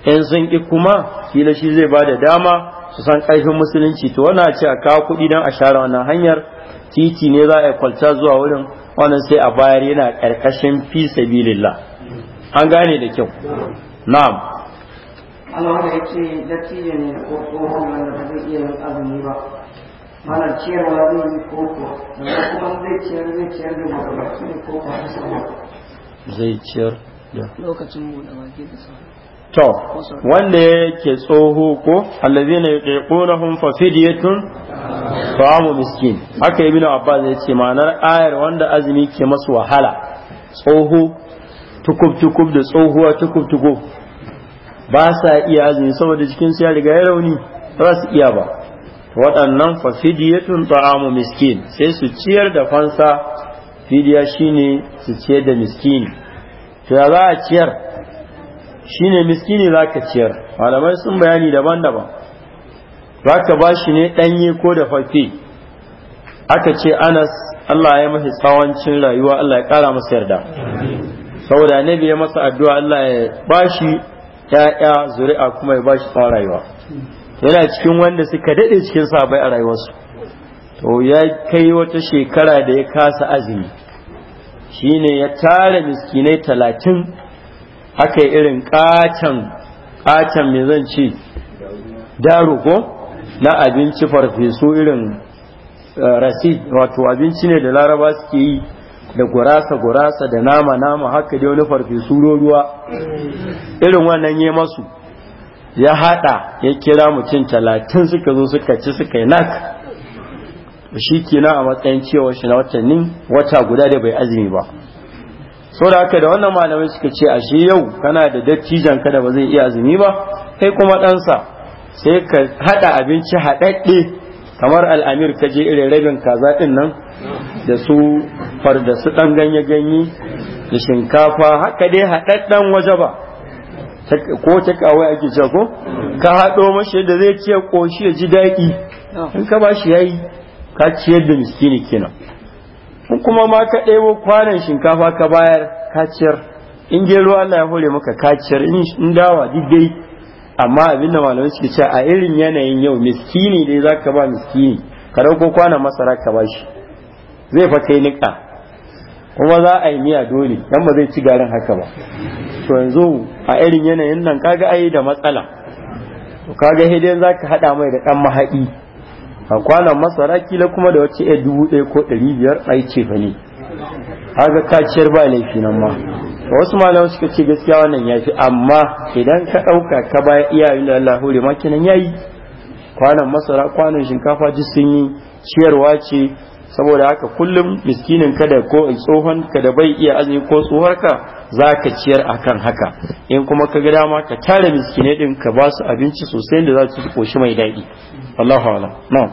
in sun ki kuma kila shi zai ba da dama su san ƙarfin musulunci to wannan ce a kawo kuɗi don a share wannan hanyar titi ne za a kwalta zuwa wurin wannan sai a bayar yana ƙarƙashin fi sabilillah an gane da kyau na'am Allah wanda ya ce dattijo ne ko tsohon wanda da zai iya yin azumi ba malar ciyarwa zai yi ko kuwa da kuma zai ciyar zai ciyar da mutum baki ne ko kuwa zai ciyar da lokacin mu baki da sauran to wanda yake tsoho ko allazina na fa fidyatun ta'amu miskin haka ibnu abbas ya ce ma'anar ayar wanda azumi ke masu wahala tsoho tukub tukub da tsohuwa tukub tukub ba sa iya azumi saboda jikin ya riga ya rauni ba su iya ba waɗannan fa fidiyatun ta'amu miskin sai su ciyar da fansa fidiya shine su ciyar da miskin. to ya za a ciyar Shi ne miskini ka ciyar malamai sun bayani daban-daban zaka ba shi ne ɗanye ko da fafi aka ce anas Allah ya mashi tsawancin rayuwa Allah ya ƙara masa yarda saboda ne ya masa addu'a Allah ya bashi ya'ya zuri'a kuma ya bashi tsawon rayuwa yana cikin wanda suka daɗe cikin sabai a rayuwarsu to ya kai wata shekara da ya kasa azumi shine ya tara miskinai talatin aka yi irin kacan kacan me zan ci daru ko na abinci farfesu irin eh, rasi wato abinci ne da laraba suke yi da gurasa gurasa da nama nama haka dai wani farfesu ruwa irin wannan ya masu ya hada ya kira mutum talatin suka zo suka ci suka yi nak shi kina a matsayin cewa shi na watanni wata guda da bai azumi ba so da haka da wannan malamai suka ce ashe yau kana da dattijan ka da ba zai iya azumi ba kai kuma ɗansa sai ka haɗa abinci haɗaɗɗe kamar al'amir ka je irin rabin kaza ɗin nan da su far da su ɗan ganye ganye da shinkafa haka dai haɗaɗɗen waje ba ko ta kawai ake ce ko ka haɗo mashi da zai ce koshi ya ji daɗi oh. in ka ba shi yayi ka ciyar da miskini kenan in kuma ma ka ɗebo kwanan shinkafa ka bayar kaciyar in gero Allah ya hore maka kaciyar in dawa diddai amma abin da malamai suke cewa a irin yanayin yau miskini dai za ka ba miskini ka ɗauko kwanan masara ka bashi. zai fa kai niƙa kuma za a yi miya dole dan ba zai ci garin haka ba to yanzu a irin yanayin nan kaga ai da matsala to kaga hidan zaka hada mai da dan mahadi a kwanan masara kila kuma da wace dubu ɗaya ko ɗari biyar a yi ce fani haka kaciyar ba laifi nan ma wasu malamai suka ce gaskiya wannan ya fi amma idan ka ɗauka ka baya iyayen da Allah hore ma kenan ya yi kwanan masara kwanan shinkafa jisun sun yi ciyarwa ce saboda haka kullum miskinin kada ko tsohon ka da bai iya azumi ko ka za ka ciyar akan haka in kuma ka ga dama ka tare miskinai din ka ba su abinci sosai da za su koshi mai daɗi Allahu ala na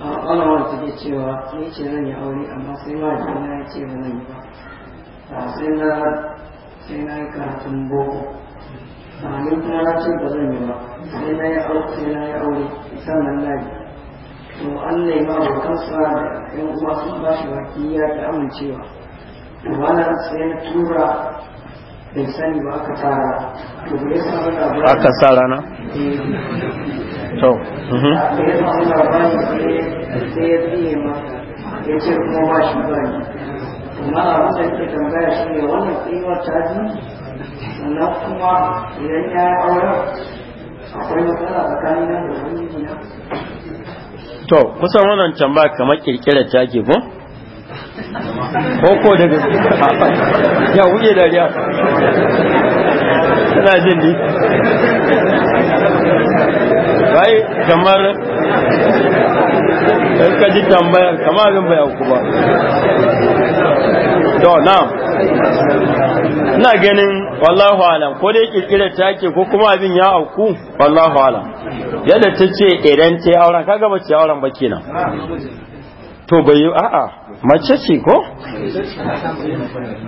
Allah wani take cewa ni ce zan yi aure amma sai ma na ya ce yi ba sai na sai na yi karatun boko ni kuma na ce ba zan yi ba sai na yi aure sannan na yi to Allah ya ba da ɗan uwa sun ba shi amincewa wala sai na tura bai sani ba aka tara to bai yasa wanda ba aka sa rana to mhm. ba ne sai ya tsaye ya ce kuma ba shi ba ne amma a wanda ke tambaya shi ne wannan tsayuwar ta sannan kuma idan ya yi auren akwai matsala tsakanin nan da wani to kusan wannan tambaya kamar kirkirar ta ke ko ko daga ya wuce dariya tana jin ni bai kamar in ka ji tambayar kamar abin bai ku ba to na ina ganin wallahu alam ko dai ta take ko kuma abin ya auku wallahu alam yadda ta ce idan ta auren kaga ba ta auren ba kenan to bai yi a'a mace ce ko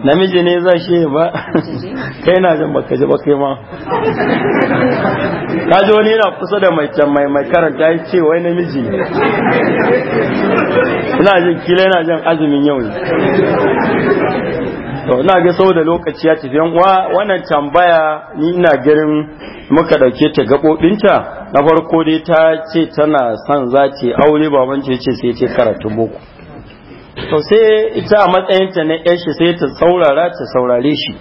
namiji ne za shi ba kai na jin baka ji ba kai ma ka ji wani yana kusa da mai can mai mai karanta ya ce wai namiji ne ina jin kila yana jan azumin yau ne to ina ga saboda lokaci ya tafi wa wannan tambaya ni ina garin muka dauke ta gabobinta na farko dai ta ce tana son za ta aure baban ce ce sai ta karatu boko to sai ita a matsayin ta na yashi sai ta saurara ta saurare shi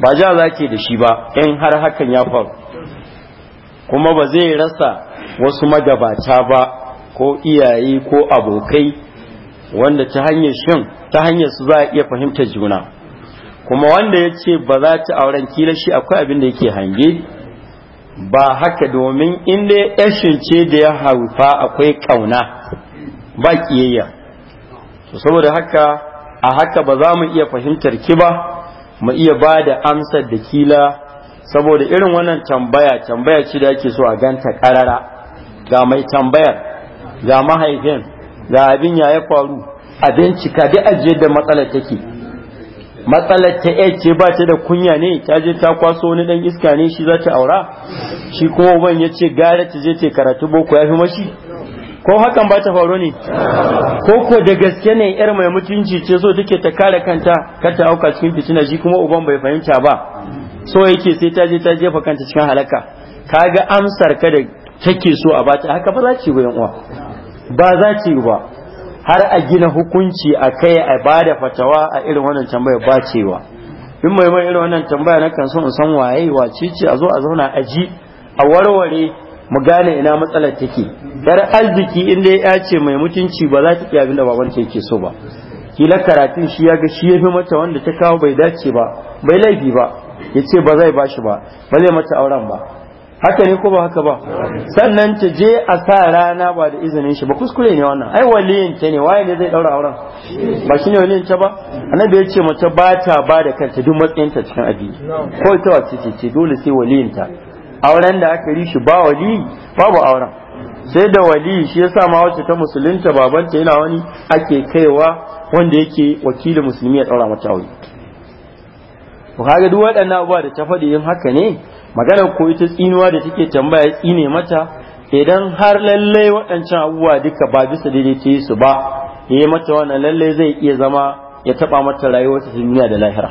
ba ja zake da shi ba in har hakan ya faru kuma ba zai rasa wasu magabata ba ko iyaye ko abokai wanda ta hanyar shin ta hanyar su za a iya fahimtar juna kuma wanda ya ce ba za ta auren kila shi akwai abin da yake hange ba haka domin inda ya ce da ya haifa akwai ƙauna, ba kiyayya to saboda haka a haka ba za mu iya fahimtar ki ba mu iya ba da amsar da kila saboda irin wannan tambaya tambaya ce da ake so a ganta karara ga mai tambayar ga mahaifin ga abin ya ya faru a bincika da ajiyar da matsalar take matsalar ta ya ce ba ta da kunya ne ta je ta kwaso wani dan iska ne shi za ta aura shi ko uban ya ce gara ta je ta karatu boko ya fi mashi ko hakan ba ta faru ne ko ko da gaske ne yar mai mutunci ce so take ta kare kanta kar ta auka cikin fitina shi kuma uban bai fahimta ba so yake sai ta je ta jefa kanta cikin halaka ga amsar ka da take so a bata haka ba za ci ba yan uwa ba za ci ba har a gina hukunci a kai a bada fatawa a irin wannan tambayar ba cewa in mai mai irin wannan tambaya na kan so in san waye wace ce a zo a zauna a ji a warware mu gane ina matsalar take yar arziki inda ya ce mai mutunci ba za ta iya abin da babanta yake so ba kila karatun shi ya ga shi ya fi mata wanda ta kawo bai dace ba bai laifi ba ya ce ba zai bashi ba ba zai mata auren ba haka ne ko ba haka ba sannan ta je a sa rana ba da izinin shi ba kuskure ne wannan ai waliyin ta ne waye ne zai daura auren ba shine waliyin ta ba annabi ya ce mace ba ta ba da kanta duk matsayin ta cikin addini ko ita wace ce ce dole sai waliyin ta auren da aka yi shi ba wali babu auren sai da wali shi yasa ma wace ta musulunta babanta yana wani ake kaiwa wanda yake wakilin musulmi ya daura mata aure ku kaga duk waɗannan abubuwa da ta faɗi yin haka ne maganar ko ita tsinuwa da take tambaya tsine mata idan har lallai waɗancan abubuwa duka ba bisa daidai ta su ba ya yi mata wannan lallai zai iya zama ya taɓa mata rayuwarta ta duniya da lahira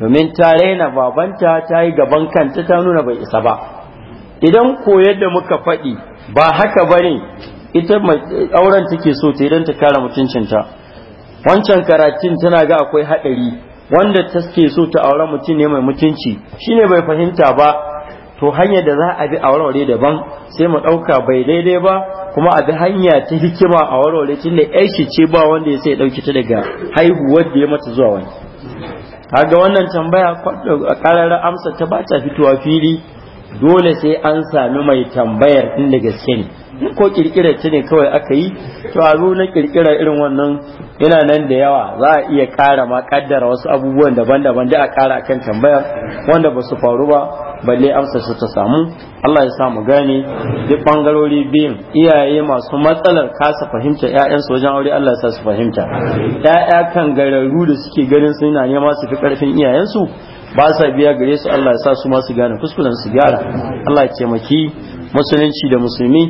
domin ta raina babanta ta yi gaban kanta ta nuna bai isa ba idan ko yadda muka faɗi ba haka ba ne ita auren take so ta idan ta kara mutuncinta wancan karatun tana ga akwai haɗari wanda ta suke so ta aure mutum ne mai mutunci shine bai fahimta ba to hanyar da za a bi a warware daban sai mu ɗauka bai daidai ba kuma a bi hanya ta hikima a warware tun da shi ce ba wanda ya sai ɗauki ta daga haihuwar da ya mata zuwa wani kaga wannan tambaya ƙarar amsa ta ba ta fitowa fili dole sai an sami mai tambayar inda gaske ne ko kirkirar ta ne kawai aka yi to a na kirkira irin wannan yana nan da yawa za a iya kara ma kaddara wasu abubuwan daban-daban da a kara akan tambaya wanda ba su faru ba balle amsa su ta samu Allah ya samu gane duk bangarori biyun iyaye masu matsalar kasa fahimta su wajen aure Allah ya sa su fahimta ƴaƴa kan gararru da suke ganin suna nema su fi karfin iyayensu ba sa biya gare su Allah ya sa su ma su gane kuskuren su gyara Allah ya taimaki musulunci da musulmi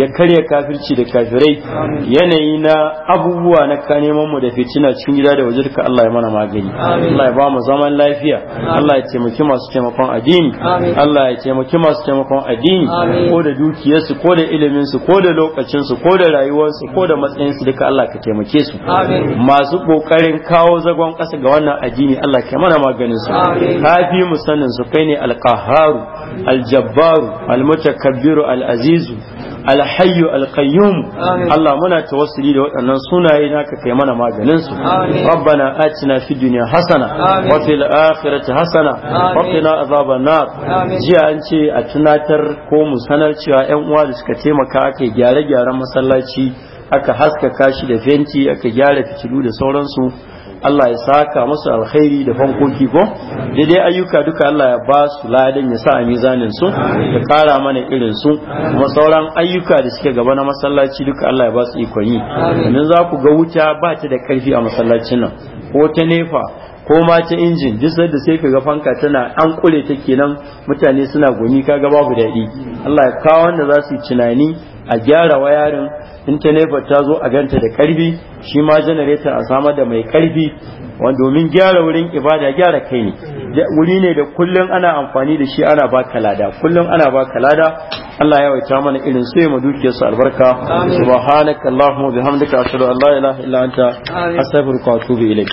ya karya kafirci da kafirai yanayi na abubuwa na ka neman mu da fitina cikin gida da waje duka Allah ya mana magani Allah ya ba zaman lafiya Allah ya taimaki masu taimakon addini Allah ya taimaki masu taimakon addini ko da dukiyarsu ko da ilimin su ko da lokacin su ko da rayuwarsu ko da matsayin su duka Allah ka taimake su masu kokarin kawo zagon kasa ga wannan addini Allah ka mana maganin su kafi mu sanin su kai ne alqaharu aljabbaru almutakar al-mutakabbiru al-azizu Allah muna tawassuli da waɗannan sunaye naka kai mana maganin su rabbana atina fid dunya hasana wa fil akhirati hasana wa qina azaban nar jiya an ce a tunatar ko mu sanar cewa ƴan uwa da suka taimaka aka gyare-gyaren masallaci aka haskaka shi da fenti aka gyara fitilu da sauransu Allah ya saka musu alkhairi da fankoki ko daidai ayyuka duka Allah ya ba su ladan ya sa a mizanin su ya kara mana irin su kuma sauran ayyuka da suke gaba na masallaci duka Allah ya ba su ikon yi yanzu za ku ga wuta ba ta da karfi a masallacin nan ko ta nefa ko ma ta injin duk da sai kaga fanka tana an kure ta kenan mutane suna gumi kaga babu daɗi Allah ya kawo wanda za su yi tunani a gyara wayarin in telefon ta zo a ganta da karfi shi ma janareta a samar da mai karfi wanda domin gyara wurin ibada gyara kai ne wuri ne da kullum ana amfani da shi ana ka lada kullum ana ka lada Allah ya waita mana irin sai mu dukiyar su albarka subhanaka allahumma bihamdika ashhadu an la ilaha illa anta astaghfiruka wa atubu ilayk